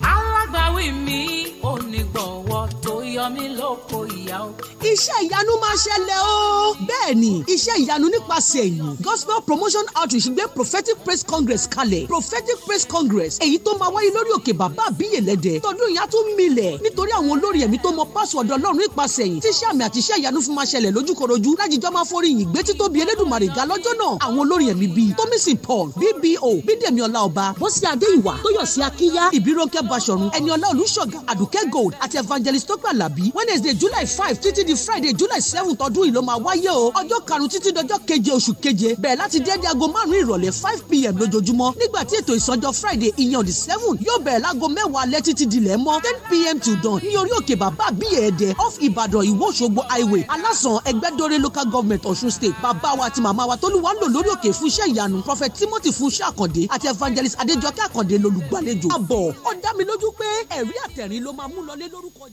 alágbàwí mi ò ní gbọ̀wọ́ tó yọ mí lóko yìí ìyá o. iṣẹ́ ìyanu máa ṣẹlẹ̀ o. bẹ́ẹ̀ni iṣẹ́ ìyanu nípasẹ̀ èyí gospel promotion outreach gbé prophetic praise congress kalẹ̀ prophetic praise congress èyí tó máa wáyé lórí òkè bàbá àbíyèlẹ́dẹ̀ tọdún ìyá tó milẹ̀ nítorí àwọn olórí ẹ̀mí tó mọ pásíwọ̀dù ọlọ́run nípasẹ̀ yìí tíṣẹ́ àmì àti iṣẹ́ ìyanu fún máa ṣẹlẹ̀ lójúkorojú lájíjọ́ máa forí yìí gbé títóbi elédùnmarè ga lọ́jọ́ náà àwọn olórí ẹ̀mí bíi tómísì paul bbo bídèmí ọlá ọba bọ́sí adéìwà tóyọ̀sí akíyá ìbírókẹ́ basọ̀run ẹniọlá olùṣọ́gà àdùkẹ́ gold àti evangelist tópẹ́ wednesday july five títí di friday july seven tọdún yìí ló máa wáyé o ọjọ́ karùn-ún títí dọjọ́ keje oṣù keje bẹ̀ẹ̀ láti déédéé aago márùn-ún ìrọ̀lẹ́ five pm lójoojúmọ́ nígbà tí ètò ìsọjọ́ friday ìyẹn on the seven yóò bẹ̀rẹ̀ láago mẹ́wàá alẹ́ títí dilẹ̀ mọ́ ten pm to dawn ní orí òkè bàbá àbíyẹ̀ ẹ̀dẹ̀ off ìbàdàn ìwó òṣogbo highway alásàn ẹgbẹ́dọ́rẹ́ local government ọ̀ṣun state bàbá wa àti màmá wa tólúwa ń lò lórí òkè fún iṣẹ́ ìyanu prophet timothy fúnṣẹ́ àkàndé àti evangelist adéjọkẹ́ àkàndé lolùgbàlejò àbọ̀ ó dá mi lójú pé ẹ̀rí àtẹ̀rín ló máa mú lọlé lórúkọ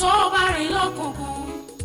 tó bá rìn lọ́kùnkùn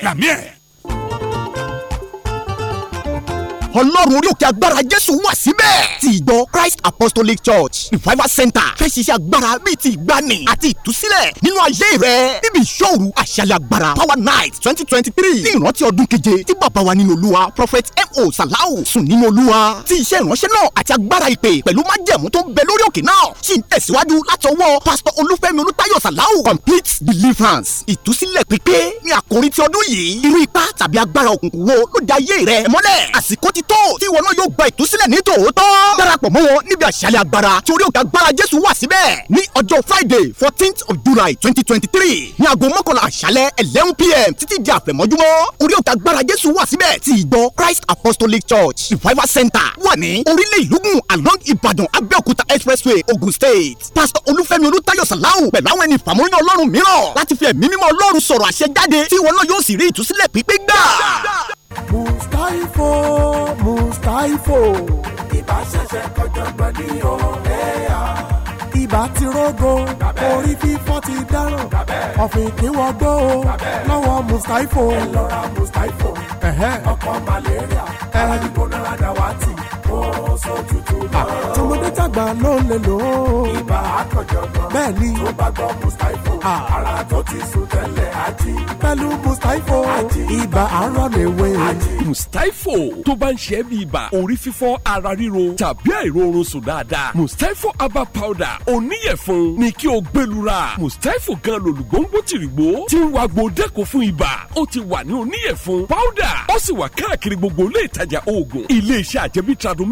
¡La mierda! ọlọ́run orí òkè agbára jésù wà síbẹ̀. ti ìjọ christ apostolic church revival center fẹ́ ṣiṣẹ́ agbára bíi ti ìgbani àti ìtúsílẹ̀ nínú ayé rẹ̀ níbi ìṣòro àṣàlẹ̀ agbára power night twenty twenty three ní ìrántí ọdún keje tí bàbá wa nínú olúwa prophet mo salau sùn nínú olúwa ti iṣẹ́ ìránṣẹ́ náà àti agbára ìpè pẹ̀lú májẹ̀mú tó ń bẹ lórí òkè náà sì ń tẹ̀síwájú látọwọ́ pásítọ̀ olúfẹ́mi olútáyọ̀ salau complete deliverance ìtúsílẹ̀ pípé ní àkòrí ti ọdún yìí irú ipá tàbí agbára òkùnkùn wo ló da ayé rẹ mọ́lẹ̀ àsìkò ti ti tó tí ìwọ náà yóò gba ìtúsílẹ̀ ní tòótọ́. darapọ̀ mọ́ wọn níbi àṣálẹ̀ agbára tí orí òkè agbára jésù wà síbẹ̀ ní ọjọ́ friday fourteenth of july twenty twenty three ní aago mọ́kànlá àṣálẹ̀ eleven pm títí di àfẹ̀mọ́júmọ́ orí òkè agbára jésù wà síbẹ̀ ti ìjọ christ apostolic church revival center wà ní orílẹ̀ ìlúgùn along ìbàdàn abẹ́òkúta expressway ogun state pastor olúfẹ́mi olùtayọ̀ sàláwù pẹ̀lú àwọn ẹni ìfàmúyàn ọlọ́run mìíràn láti fi ẹ̀mí mímọ́ ọlọ́run sọ̀rọ̀ àṣẹ jáde tí ìwọ náà yóò sì rí mustaifo mustaifo. ibà ṣẹ̀ṣẹ̀ kọjọ́gbọ́n ní ọ̀rẹ́ à. ibà ti rógo orí fífọ́ ti dáràn ọ̀fìn kí wọ́n gbó o lọ́wọ́ mustaifo. ẹ lọ ra mustaifo ọkọ̀ malaria aládìgbò náírà dàwátì. Ah, tọmọdé tàgbà ló ń lè lò ó. ibà àkànjọ̀gbọ́n bẹ́ẹ̀ ni tó bá gbọ́ mustapho ah. ara tó ti sùn tẹ́lẹ̀ ají. pẹ̀lú mustapho ibà arọ lè wé. mustapho tó bá ń ṣe é bí ibà orí fífọ́ ara ríro tàbí àìróorun sùn dáadáa mustapho herbal powder oníyẹ̀fun ni kí o gbẹlura mustapho gan lòlùgbòǹgbò tìrìgbò ti ń wa gbo dẹ́kun fún ibà ó ti wà ní oníyẹ̀fun powder ó sì wà káàkiri gbogbo ilé ìtajà oògùn ilé iṣẹ́ àjẹbí tradom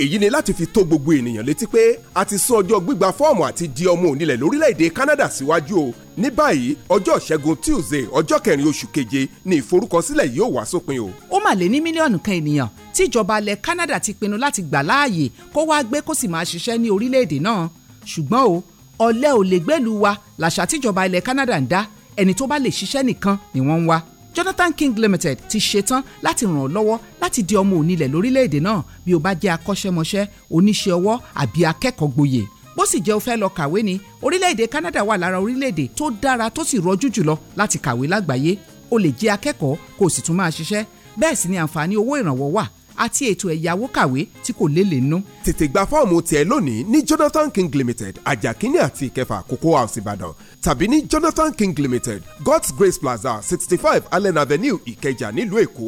èyí ni láti fi tó gbogbo ènìyàn létí pé a ti sún ọjọ́ gbígba fọ́ọ̀mù àti di ọmọ onílẹ̀ lórílẹ̀‐èdè Canada síwájú o ní báyìí ọjọ́ ìṣẹ́gun Tuesday ọjọ́ kẹrin oṣù keje ni ìforúkọsílẹ̀ yóò wá sópin o. ó mà lé ní mílíọ̀nù kan ènìyàn tí ìjọba ilẹ̀ Canada ti pinnu láti gbà láàyè kó wáá gbé kó sì máa ṣiṣẹ́ ní orílẹ̀-èdè náà ṣùgbọ́n o ọ̀lẹ ò lè gbẹ́lu wa làṣà tíjọba ilẹ̀ Canada ń dá ẹni tó bá lè ṣiṣẹ́ nìkan ni wọ́n ń wá Jonathan King Limited ti ṣetán láti ràn ọ́ lọ́wọ́ láti di ọmọ onílẹ̀ lórílẹ̀‐èdè náà bí o bá jẹ́ akọ́ṣẹ́mọṣẹ́ oníṣẹ́ ọwọ́ àbí akẹ́kọ̀ọ́ gboyè bó sì jẹ́ o fẹ́ lọ kàwé ní orílẹ̀-èdè Canada wà lára orílẹ̀-èdè tó dára tó sì rọjú jùlọ láti kàwé lágbàáyé o lè jẹ́ akẹ́kọ̀ọ́ kó o sì tún máa ṣiṣẹ́ bẹ́ẹ̀ sì ni àǹfààní owó ìrànwọ́ wà àti ètò ẹ̀yáwó kàwé tí kò lélè nú. tètè gba fọ́ọ̀mù tiẹ̀ lónìí ní Jonathan King Limited ajakini àti ìkẹfà Cocoa House Ìbàdàn tàbí ní Jonathan King Limited God's Grace Plaza sixty five Allen Avenue Ìkẹjà nílùú Èkó.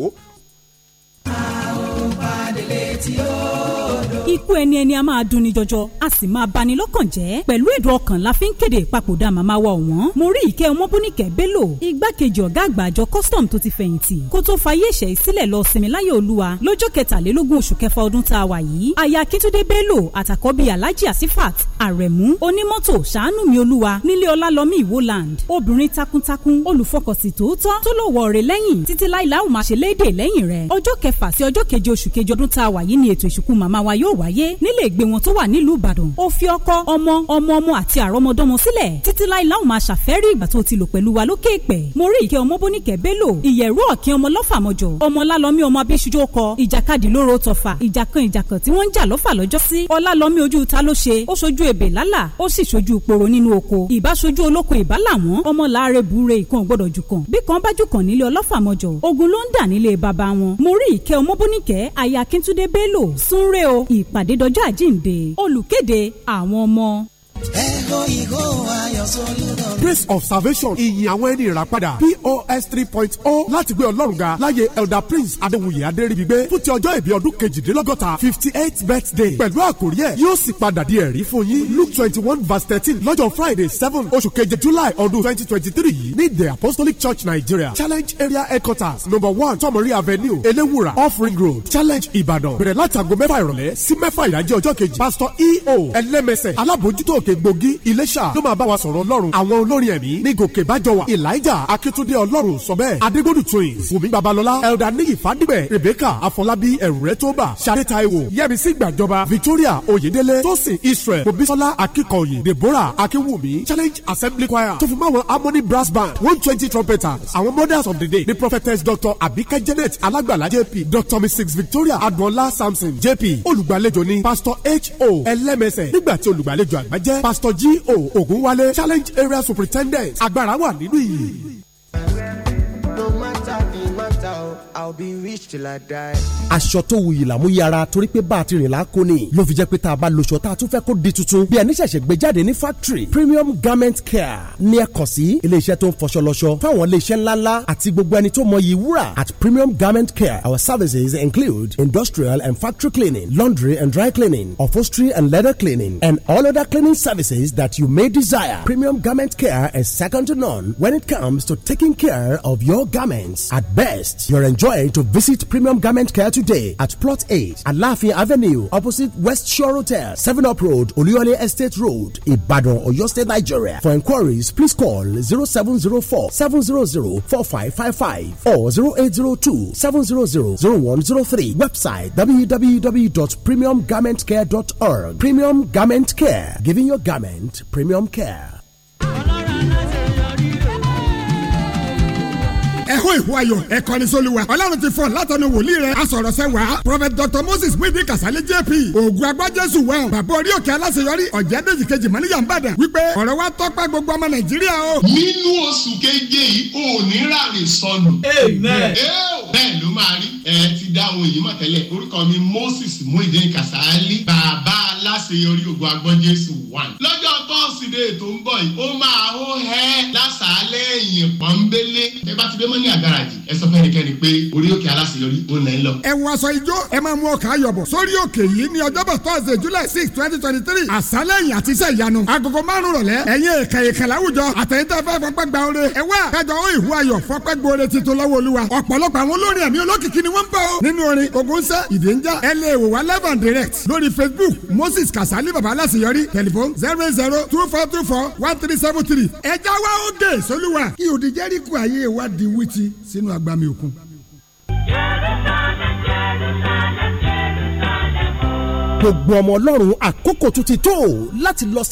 a ò bá délé tí ó ikú ẹni ẹni a máa dunni jọjọ a sì máa bani lọ́kàn jẹ́ pẹ̀lú ẹ̀dùn ọkàn la fi ń kéde ìpapòdà màmá wa ọ̀wọ́n mo rí ìkẹ́ ọmọbúnìkẹ́ bello igbákejì ọ̀gá àgbà àjọ custom tó ti fẹ̀yìntì kó tó fayé ìṣẹ́ ìsílẹ̀ lọ sinmi láyé olúwa lọ́jọ́ kẹtàlélógún oṣù kẹfà ọdún tá a wà yìí aya kítúndé bello àtàkọ́bí alhaji asifat aremu onímọ́tò ṣàánú mi olúwa nílé ọlálọ́mí ìwó land obìnrin takuntakun olùfọkànsì tòótọ́ tó lọ́wọ́ rẹ̀ lẹ́yìn títí láìláhùn máa ṣe léde lẹ́yìn rẹ̀ ọjọ́ kẹfà sí ọjọ́ keje yóò wáyé nílé ìgbé wọn tó wà nílùú Ìbàdàn ó fi ọkọ ọmọ ọmọ ọmọ àti àrọmọdọ́mọ sílẹ̀ títí láì láwọn máa ṣàfẹ́rí ìgbà tó ti lò pẹ̀lú wa lókè ìpẹ́ mo rí ìkẹ́ ọmọ bóníkẹ́ bélò ìyẹ̀rú ọ̀kẹ́ ọmọ lọ́fàmọ́jọ ọmọ lálọ́mí ọmọ abéṣujó kọ ìjàkadì lóró tọ̀fà ìjàkan ìjàkan tí wọ́n ń jà lọ́fà lọ́jọ́ sí ọlálọ́mí ojú ta ló ṣe ó ṣojú ebè lálà ó sì ṣojú poro nínú oko ìbáṣojú olóko ìbálà wọn ọmọ láàárẹ̀ búre ìkan gbọ́dọ̀ jù kan bí kan bá jù kan nílé ọlọ́fàmọ́jọ ogun ló ń dà nílé bàbá wọn mo rí o ì ìpàdé dọjọ́ àjíǹde olùkéde àwọn ọmọ. Praise of Salvation ìyìn àwọn ẹni ìràpadà POS three point oh. láti gbé Ọlọ́run ga láyé Elder Prince Adéwuyè Adéríbigbé fún ti ọjọ́ ìbí ọdún kejìdínlọ́gọ́ta fifty eight birthday pẹ̀lú àkórí ẹ̀ yóò sì padà di ẹ̀rí fún yín Luke twenty one verse thirteen lọ́jọ́ Friday seven oṣù keje July ọdún twenty twenty three yìí ní The Apostolic Church Nigeria Challenge Area Headquarters number one Tomori Avenue Elewura Off Ring Road Challenge Ìbàdàn bẹ̀rẹ̀ láti aago mẹ́fà ìrọ̀lẹ́ sí mẹ́fà ìdájẹ́ ọjọ́ kejì Pastor E.O. ẹlẹ́mẹsẹ̀ alábòójútó òkè òkègbògi iléṣà ló máa bá wa sọ̀rọ̀ ọlọ́run àwọn olórin ẹ̀mí ní gòkè bájọ wà elijah akitunde ọlọ́run sọ bẹ́ẹ̀ adégbòdù tóyìn fúnmi babalọ́lá elda níyì fadibẹ̀ rebecca afọlábí ẹ̀rùrẹ́ tó bà sade taiwo yẹmísí gbàjọba victoria oyedele tosin israel Obisola, akikọyin deborah akiwumi challenge assembly choir tó fi mọ́ àwọn harmony brass band one twenty trumpeters àwọn mothers of the day The prophetess Doctor abike janet alágbàlá jp Doctor mrs victoria adunola samson jp olùgbàlejò ni pastor h o ẹlẹ́mẹsẹ̀ nígbà tí olùgbàlejò àgbà jẹ́ pastor g o Ogunwale challenge area superintendent agbára wà nínú ìyè. I'll be rich till I die. aṣọ tó wuyì làmúyára torí pé bá a ti rìn láko ni ló fi jẹ́ pé tá a bá lòṣọ tá a tún fẹ́ kó di tuntun bí ẹni ṣẹ̀ṣẹ̀ gbé jáde ní factory premium garment care ní ẹ kàn sí iléeṣẹ́ tó ń fọṣọ lọ́ṣọ fáwọn iléeṣẹ́ ńláńlá àti gbogbo ẹni tó mọyì wúrà at premium garment care our services include industrial and factory cleaning laundry and dry cleaning upholstery and leather cleaning and all other cleaning services that you may desire premium garment care is second to none when it comes to taking care of your garments at best you're enjoying to visit Premium Garment Care today at Plot 8, Alafia Avenue, opposite West Shore Hotel, 7 Up Road, Oluyole Estate Road, Ibadan, Oyo State, Nigeria. For inquiries, please call 0704 700 4555 or 0802 700 0103. Website www.premiumgarmentcare.org. Premium Garment Care, giving your garment premium care. ẹ̀hó ìhó ayọ̀ ẹ̀kọ́ni sóluwa ọlọ́run ti fọ̀ látọnu wòlíì rẹ̀ asọ̀rọ̀ sẹ́ wá prophet dr moses wíìdì kasale jp ògùn agbájésù wẹ̀ bàbá orí òkè aláṣeyọrí ọ̀jẹ̀dẹ̀jì kejì mọ́níyàn bàdàn wípé ọ̀rọ̀ wa tọ́pẹ́ gbogbo ọmọ nàìjíríà o. nínú oṣù keje yìí ò ní ràrìn sọnù. bẹ́ẹ̀ ló máa rí ẹ ti dáhùn èyí mọ̀ tẹ́lẹ̀ orúkọ mi moses muhidin kasali bàbá aláṣeyọrí ògùn agbájésù wà. lọ́jọ́ bọ́ọ̀sì ní àgàràjì ẹ sọ fẹ́nikẹ́ni pé orí òkè aláṣeyọrí ó nà ń lọ. ẹ wọ aṣọ ijó ẹ máa mú ọkà ayọ̀bọ̀ sórí òkè yìí ní ọjọ́bọ̀ tọ́sídẹ̀ẹ́ july six twenty twenty three àṣálẹ̀yìn àti iṣẹ́ ìyanu agogo márùn-ún rọ̀lẹ́ ẹ̀yin èkà èkà láwùjọ àtẹ̀yìntẹ́ fẹ́ fọpẹ́ gba oore ẹ wá kájọ ó ìhú ayọ̀ fọpẹ́ gbóore ti tó lọ́wọ́ olúwa ọ̀pọ̀lọpọ̀ àwọn olórin ẹ̀mí olókìkí ni wọ́n ń bọ̀ o nínú orin ogunṣẹ́ ìdíjà ẹ lè wò wá live and direct lórí facebook moses kasali baba aláṣeyọrí telephone zero zero two four two four one three seven three ẹ jáwọ́ ó gé sólúwa kí òdìjẹ́ríkù ayé wa di wíj ti sinu agbami òkun. gbogbo ọmọ ọlọ́run àkókò ti tó láti lọ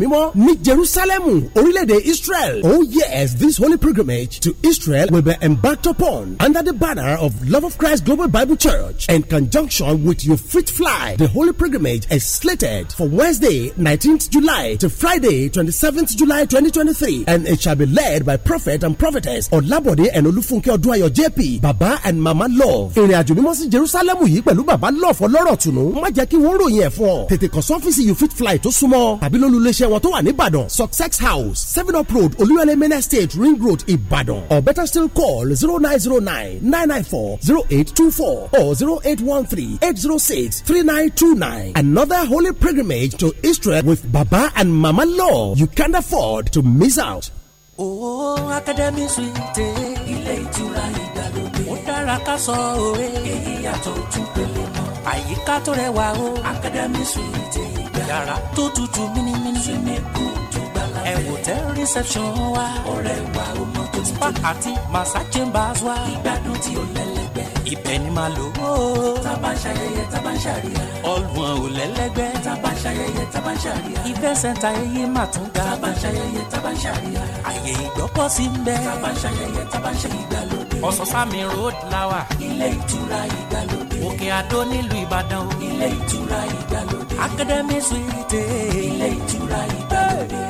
mímọ́ ní jerusalem orílẹ̀-èdè israel oh yes this holy pilgrimage to israel will be embarked upon under the banner of love of christ global bible church in conjunction with your fit fly the holy pilgrimage is slated for wednesday 19th july to friday 27th july 2023 and it shall be led by prophet and prophetess olabode and olufunke oduayo jp baba and mama love ìrìn mímọ́ sí jerusalem yìí pẹ̀lú baba love ọlọ́rọ̀ tùnú má jẹ́ kí wọ́n ń ròyìn ẹ̀ fún ọ tètè kàn sọ́fíìsì you fit fly tó súnmọ́ tàbí lólùléṣẹ́ wọn tó wà nìbàdàn success house seven up road olúyọlé main estate ring road ìbàdàn or better still call zero nine zero nine nine nine four zero eight two four or zero eight one three eight zero six three nine two nine another holy pilgrimage to Israel with Baba and Mama Law. you can't afford to miss out. Oh, Academy Suite. Ilé ìtura ìgbàlódé. Ó dára ká sọ òwe. Èyí yàtọ̀ ojú pele àyíká tó rẹwà o. Academy Suite ìgbà. yàrá tó tutù mímímí. swimming pool tó gbà lábẹ́. ẹ tẹ reception wa. ọ̀rẹ́ wa o mọ tó ti tó. spa àti massage chambers wa. ìgbádùn tí ó lẹ́lẹ́ ibẹ̀ ni màá lò ó. tàbá ń ṣayẹyẹ tàbá ń ṣàríyá. ọlùwọ̀n ò lẹ́lẹ́gbẹ́. tàbá ń ṣayẹyẹ tàbá ń ṣàríyá. ìfẹ́ sẹ́ńtà ẹyẹ mà tún ga. tàbá ń ṣayẹyẹ tàbá ń ṣàríyá. àyè ìgbọ́pọ̀ sí ń bẹ. tàbá ń ṣayẹyẹ tàbá ń ṣe ìgbàlódé. ọ̀sánsámi road lawa. ilé ìtura ìgbàlódé. òkè àdó nílùú ìbàdàn o. ilé ìtura ìgbàlódé. academy suite. ilé ìtura ìgbàlódé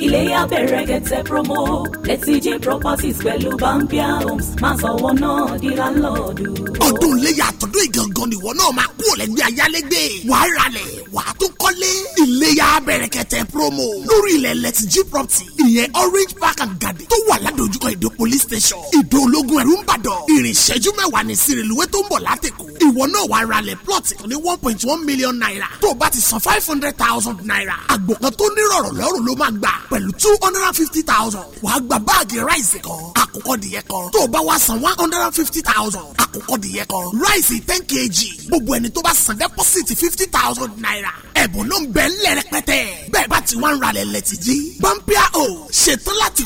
ilé yá bẹ̀rẹ̀ gẹ̀tẹ̀ promo lẹ́tíjẹ́ properties pẹ̀lú bambia homes máa sanwó náà di lálọ́ọ̀dù. ọdún iléyá àtọ́dún ìgangan nìwọ náà máa kú ọ̀lẹ́gbẹ́ ayálégbé wàá ralẹ̀ wàá tún kọ́lé. iléyá bẹ̀rẹ̀ gẹ̀tẹ̀ promo lórí ilẹ̀ lẹ́tíjẹ́ property ìyẹn orange park and garden tó wà ládojúkọ ìdó police station ìdó ológun ẹ̀rú ń bàdàn ìrìn ìṣẹ́jú mẹ́wàá ní sírìlúwé tó ń bọ̀ látẹ̀kọ́ ìwọ náà wàá ralẹ̀ plot ní one point one million naira tó o bá ti san five hundred thousand naira àgbò kan tó nírọ̀rọ̀ lọ́rùn ló máa gbà pẹ̀lú two hundred and fifty thousand wàá gba báàgì ráìsì kan àkùkọ dìyẹ kan tó o bá wá san one hundred and fifty thousand àkùkọ dìyẹ kan ráìsì ten kg gbogbo ẹni tó bá san deposit fifty thousand naira ẹ̀bùn ló ń bẹ ńlẹ̀ rẹpẹtẹ bẹ́ẹ̀ bá ti wá ń ralẹ̀ lẹ́tìjí. bọ́ńpíà o ṣetán láti